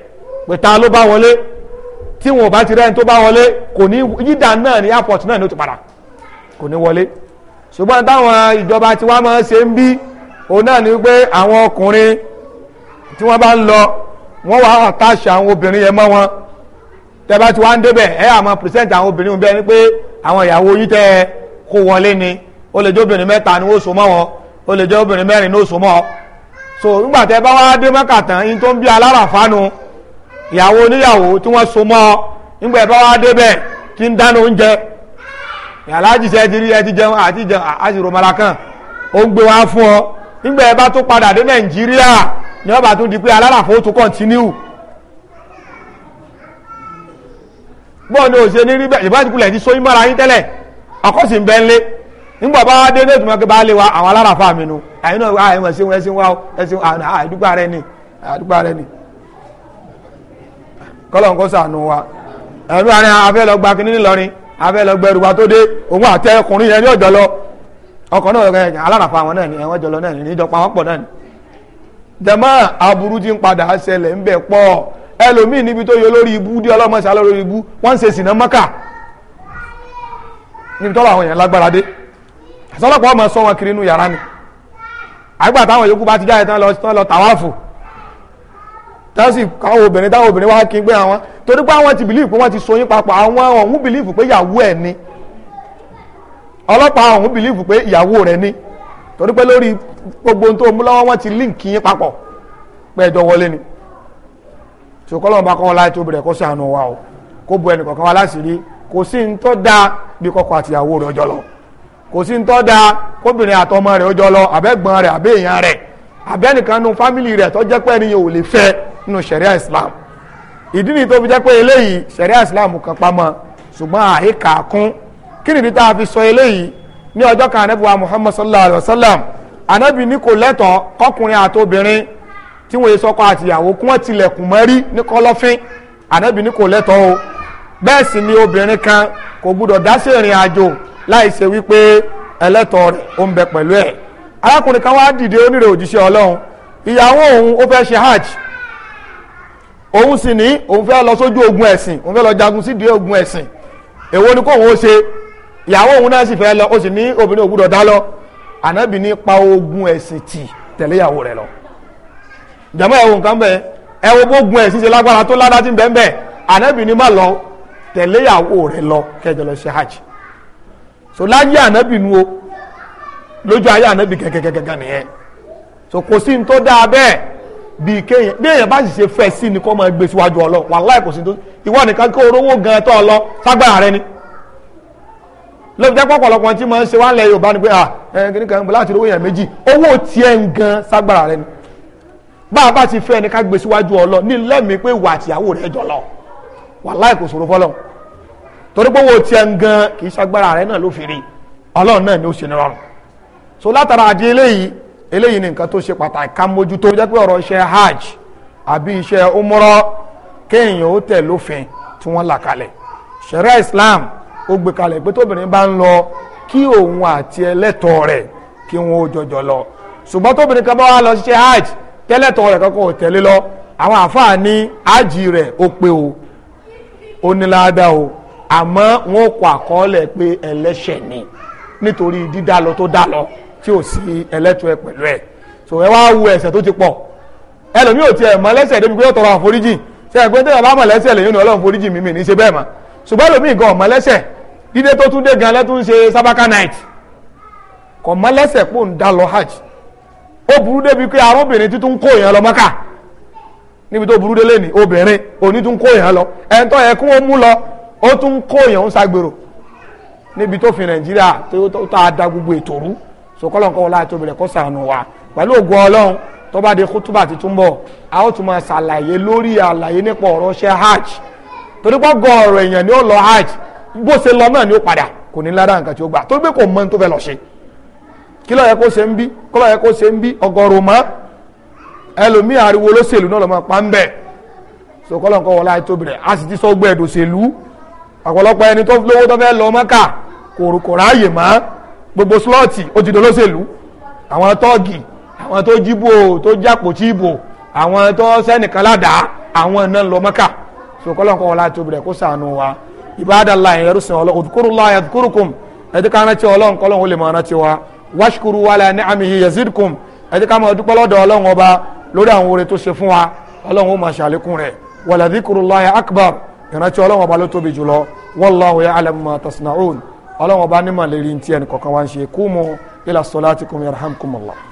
pé ta ló bá wọlé tí wọn ò bá ti rẹ́ni tó bá wọlé kò ní jídà náà ní airport náà ni ó ti padà kò ní wọlé ṣùgbọ́n táwọn ìjọba tiwa máa ń ṣe ń bí òun náà ni pé àwọn ọkùnrin tí wọ́n bá ń lọ wọ́n wá àtàṣà àwọn obìnrin yẹn mọ́ wọn tẹ́ bá ti wá ń débẹ̀ ẹ̀ àmọ́ pìrìsẹ́ǹtì àwọn obìnrin bẹ́ẹ̀ ni pé àwọn ìyàwó yín tẹ́ kó wọlé ni ó lè jẹ́ obìnrin mẹ́ta ni ó so mọ́ wọn ó lè jẹ́ obìnrin mẹ́rin ni ó so mọ́ ọ so nígbà tẹ́ bá wá dé Mẹ́kà tán yín tó ń bí alára fánu ìyàwó oníyàwó tí wọ́n so mọ́ ọ nígbà bá wá débẹ̀ kí ń dáná oúnjẹ alájíṣẹ́ ti rí ẹ ti jẹun àti jẹun àti rọmọlá ó ń gbé wá fún ọ nígbà bá tó padà dé Nàìjíríà ní ọba tó di pé alálàfo tó kọ́ntínú bọ́ọ̀ ni òṣèré ní ríbẹ̀ ìbájúkulẹ̀ ti sóyún mọ́ra yín tẹ́lẹ̀ àkọ́sì ń bẹ́ nígbà bá dé ní ìtumọ̀ pé bá wa àwọn alálàfo nu wa ẹ̀sìn àdúgbò ara ẹni àdúgbò ara ẹni kọ́lọ̀ ń sànù wa afẹ́ lọ gba kínní afẹ́ lọ gbẹrù wa tó dé òun àtẹ ọkùnrin yẹn ní lọ ọkọ̀ náà àwọn náà ni jọlọ náà ni ìjọpọ̀ àwọn pọ̀ náà ni Dema aburú ti ń padà ṣẹlẹ̀ ń bẹ̀ pọ̀ ẹlòmíì níbi tó yọ lórí ibú dí ọlọ́mọṣà lórí ibú wọ́n ń ṣe sìnà mọ́kà níbi tọ́lọ̀ àwọn èèyàn lágbára dé àsọlọ́pọ̀ ọmọ sọ wọn kiri inú yàrá ni àgbà táwọn yòókù bá ti jáde tán lọ tán lọ tàwáàfù tán sì káwọn obìnrin táwọn obìnrin wá kí n gbé àwọn torí pé ti bìlíìfù pé ti so papọ̀ àwọn ọ̀hún bìlíìfù pé ìyàwó ẹ̀ ni ọlọ́pàá ọ̀hún bìlíìfù pé torí pé lórí gbogbo ohun tó mú lọ́wọ́ wọ́n ti líǹkì yín papọ̀ pé ẹjọ́ wọlé ni ṣùkọ́ lọ́wọ́ bá kọ́ wọn láti tóbi rẹ̀ kó ṣàánú wa o kó bu ẹnì kọ̀ọ̀kan wa láṣìírí kò sí ní tó dáa bí kọ́kọ́ àtìyàwó rẹ̀ ọjọ́ lọ kò sí ní tó dáa kóbìnrin àtọmọ rẹ̀ ọjọ́ lọ àbẹ́gbọ́n rẹ̀ àbẹ́yàn rẹ̀ àbẹ́nìkan nu fámìlì rẹ̀ tó jẹ́ pé ẹni yóò lè fẹ́ nínú sẹ̀ríà Islam ìdí ni tó fi jẹ́ pé eléyìí sẹ̀ríà Islam kan pamọ́ ṣùgbọ́n àyíká kún kí nìdí tá a fi sọ eléyìí ní ọjọ́ kan anabi wa muhammad sallallahu alayhi wa sallam anabi ní kò lẹ́tọ̀ọ́ kọkùnrin àtobìnrin tí wọ́n yé sọ́kọ àtìyàwó kí wọ́n tilẹ̀kùn mọ́rí ní kọ́lọ́fín anabi ní kò lẹ́tọ̀ọ́ o bẹ́ẹ̀ sì ni obìnrin kan kò gbúdọ̀ dáṣẹ́ ìrìn àjò láì ṣe wípé ẹlẹ́tọ̀ọ́ rẹ̀ ó ń bẹ pẹ̀lú ẹ̀ arákùnrin kan wá dìde onírè òjíṣẹ́ ọlọ́run ìyàwó òun ó fẹ́ ṣe hajj òun sì ní òun fẹ́ lọ sójú ogun ẹ̀sìn òun fẹ́ lọ jagun sídìí ogun ẹ̀sìn èwo ni kóun ó ṣe ìyàwó òun náà sì fẹ́ lọ ó sì ní obìnrin ògbúdọ̀ dá lọ ànábì ní pa ogun ẹ̀sìn tì tẹ̀lé ìyàwó lọ jàmọ́ ẹ̀wọ̀n nǹkan bẹ́ẹ̀ ẹ̀wọ̀n gbógun ẹ̀sìn ṣe lágbára tó ládá tí ń bẹ́ẹ̀ bẹ́ẹ̀ ànábì ní má lọ tẹ̀lé ìyàwó lọ kẹjọ hajj so láyé ànábì nu o lójú ayé ànábì gẹ́gẹ́gẹ́gẹ́ nìyẹn so kò sí tó dáa bẹ́ẹ̀ bí kéèyàn bí èèyàn bá sì ṣe fẹ́ sí ni kó máa tó ìwọ nìkan kó orówó gan tó ọ lọ rẹ ni ló fi jẹ́ pọ̀pọ̀lọpọ̀ tí máa ń ṣe wá lẹ̀ Yorùbá ni pé à ah, ẹ kí ni kan bọ̀ láti rówó yẹn méjì owó tiẹ̀ ń gan ságbára rẹ ni bá a bá ti fẹ́ ẹni ká gbé síwájú ọ lọ ní lẹ́mìí pé ìwà àtìyàwó rẹ jọ lọ wàláì kò ṣòro fọlọ́ torí pé owó tiẹ̀ ń gan kì í ságbára rẹ náà ló fi rí Ọlọ́run náà ni ó ṣe ní rọrùn so látara àdí eléyìí eléyìí ni nǹkan tó ṣe pàtàkì ká mójútó jẹ́ pé ọ̀rọ̀ iṣẹ́ hajj àbí iṣẹ́ umrọ kéèyàn ó tẹ̀ lófin tí wọ́n là kalẹ̀ ṣẹ̀rẹ́ Islam ó gbé kalẹ̀ pé tóbìnrin bá ń lọ kí òun àti ẹlẹ́tọ̀ rẹ̀ kí wọn ó jọjọ lọ ṣùgbọ́n tóbìnrin kan bá wá lọ ṣiṣẹ́ hajj tẹ́lẹ̀tọ̀ rẹ̀ kankan ò tẹ̀lé lọ àwọn àfáà ní hajj rẹ̀ ó pé o ó ní ládàá o àmọ́ wọn kọ àkọọ́lẹ̀ pé ẹlẹ́ṣẹ̀ ni nítorí dídá lọ tó dá lọ tí ò sí ẹlẹ́tọ̀ ẹ pẹ̀lú ẹ̀ so ẹ wá wo ẹ̀ṣẹ̀ tó ti pọ̀ ẹlòmíì ò tiẹ̀ mọ lẹ́ṣẹ̀ débi pé ó tọrọ àforíjì ṣe é pé tẹ́lẹ̀ bá mọ̀ lẹ́ṣẹ̀ lẹ́yìn ọlọ́run foríjì mímì ní í ṣe bẹ́ẹ̀ mọ́ ṣùgbọ́n ẹlòmíì gan ọ̀mọ lẹ́ṣẹ̀ dídé tó tún dé gan lẹ́tún ṣe sábàkà night kò mọ́ lẹ́sẹ̀ pò ń dá lọ hajj ó burú débi pé arúbìnrin títún kó èèyàn lọ mọ́kà níbi tó burú délé ni obìnrin òní tún kó èèyàn lọ ẹ̀ńtọ́ yẹ kí wọ́n mú lọ ó tún kó èèyàn ń ṣàgbèrò níbi tó fi nàìjíríà tó tá a da gbogbo ètò rú sòkòlò nǹkan wọlé àti obìnrin kò sànù wa pẹ̀lú ògo ọlọ́run tó bá di kútúbà tuntun bọ̀ a ó tún máa ṣàlàyé lórí àlàyé nípa ọ̀rọ̀ ṣe hajj torí pé ọ̀rọ̀ èèyàn ni ó lọ hajj bó ṣe lọ náà ni ó padà kò ní lára nǹkan tí ó gbà torí pé kò mọ ní tó fẹ́ lọ ṣe kí ló yẹ kó ṣe ń bí kí ló yẹ kó ṣe ń bí ọgọ́rùn mọ́ ẹlòmíì ariwo olóṣèlú náà lọ́mọ pa ń bẹ̀ sọkọ́lọ́ nǹkan wọlé ayé tóbi rẹ̀ a sì ti sọ gbẹ̀dọ̀ ṣèlú ọ̀pọ̀lọpọ̀ ẹni tó lówó tó fẹ́ lọ mọ́kà kò ráàyè mọ́ gbogbo slọ́ọ̀tì ó ti dolóṣèlú àwọn tó sẹ́nìkan ládàá àwọn náà lọ mọ́kà sọkọ́lọ́ wọlé ayé tóbi kó ṣàánú wa ibadala ẹ̀rú sìn ọlọ́ udhkurullaha yadhkurukum ẹ̀dí kan rántí ọlọ́run kọ́lọ́run ó lè máa rántí wa washkuru wala ni'amihi yazidkum ẹ̀dí kan máa dúpẹ́ lọ́dọ̀ ọlọ́run ọba lórí àwọn oore tó ṣe fún wa ọlọ́run ó máa ṣàlékún rẹ̀ wala dhikrullahi akbar ìrántí ọlọ́run ọba ló tóbi jùlọ wallahu ya'lamu ma tasna'un ọlọ́run ọba nímọ̀ lérí ti ẹnì kọ̀ọ̀kan wá ń ṣe kumu ila salatikum yarhamkumullah.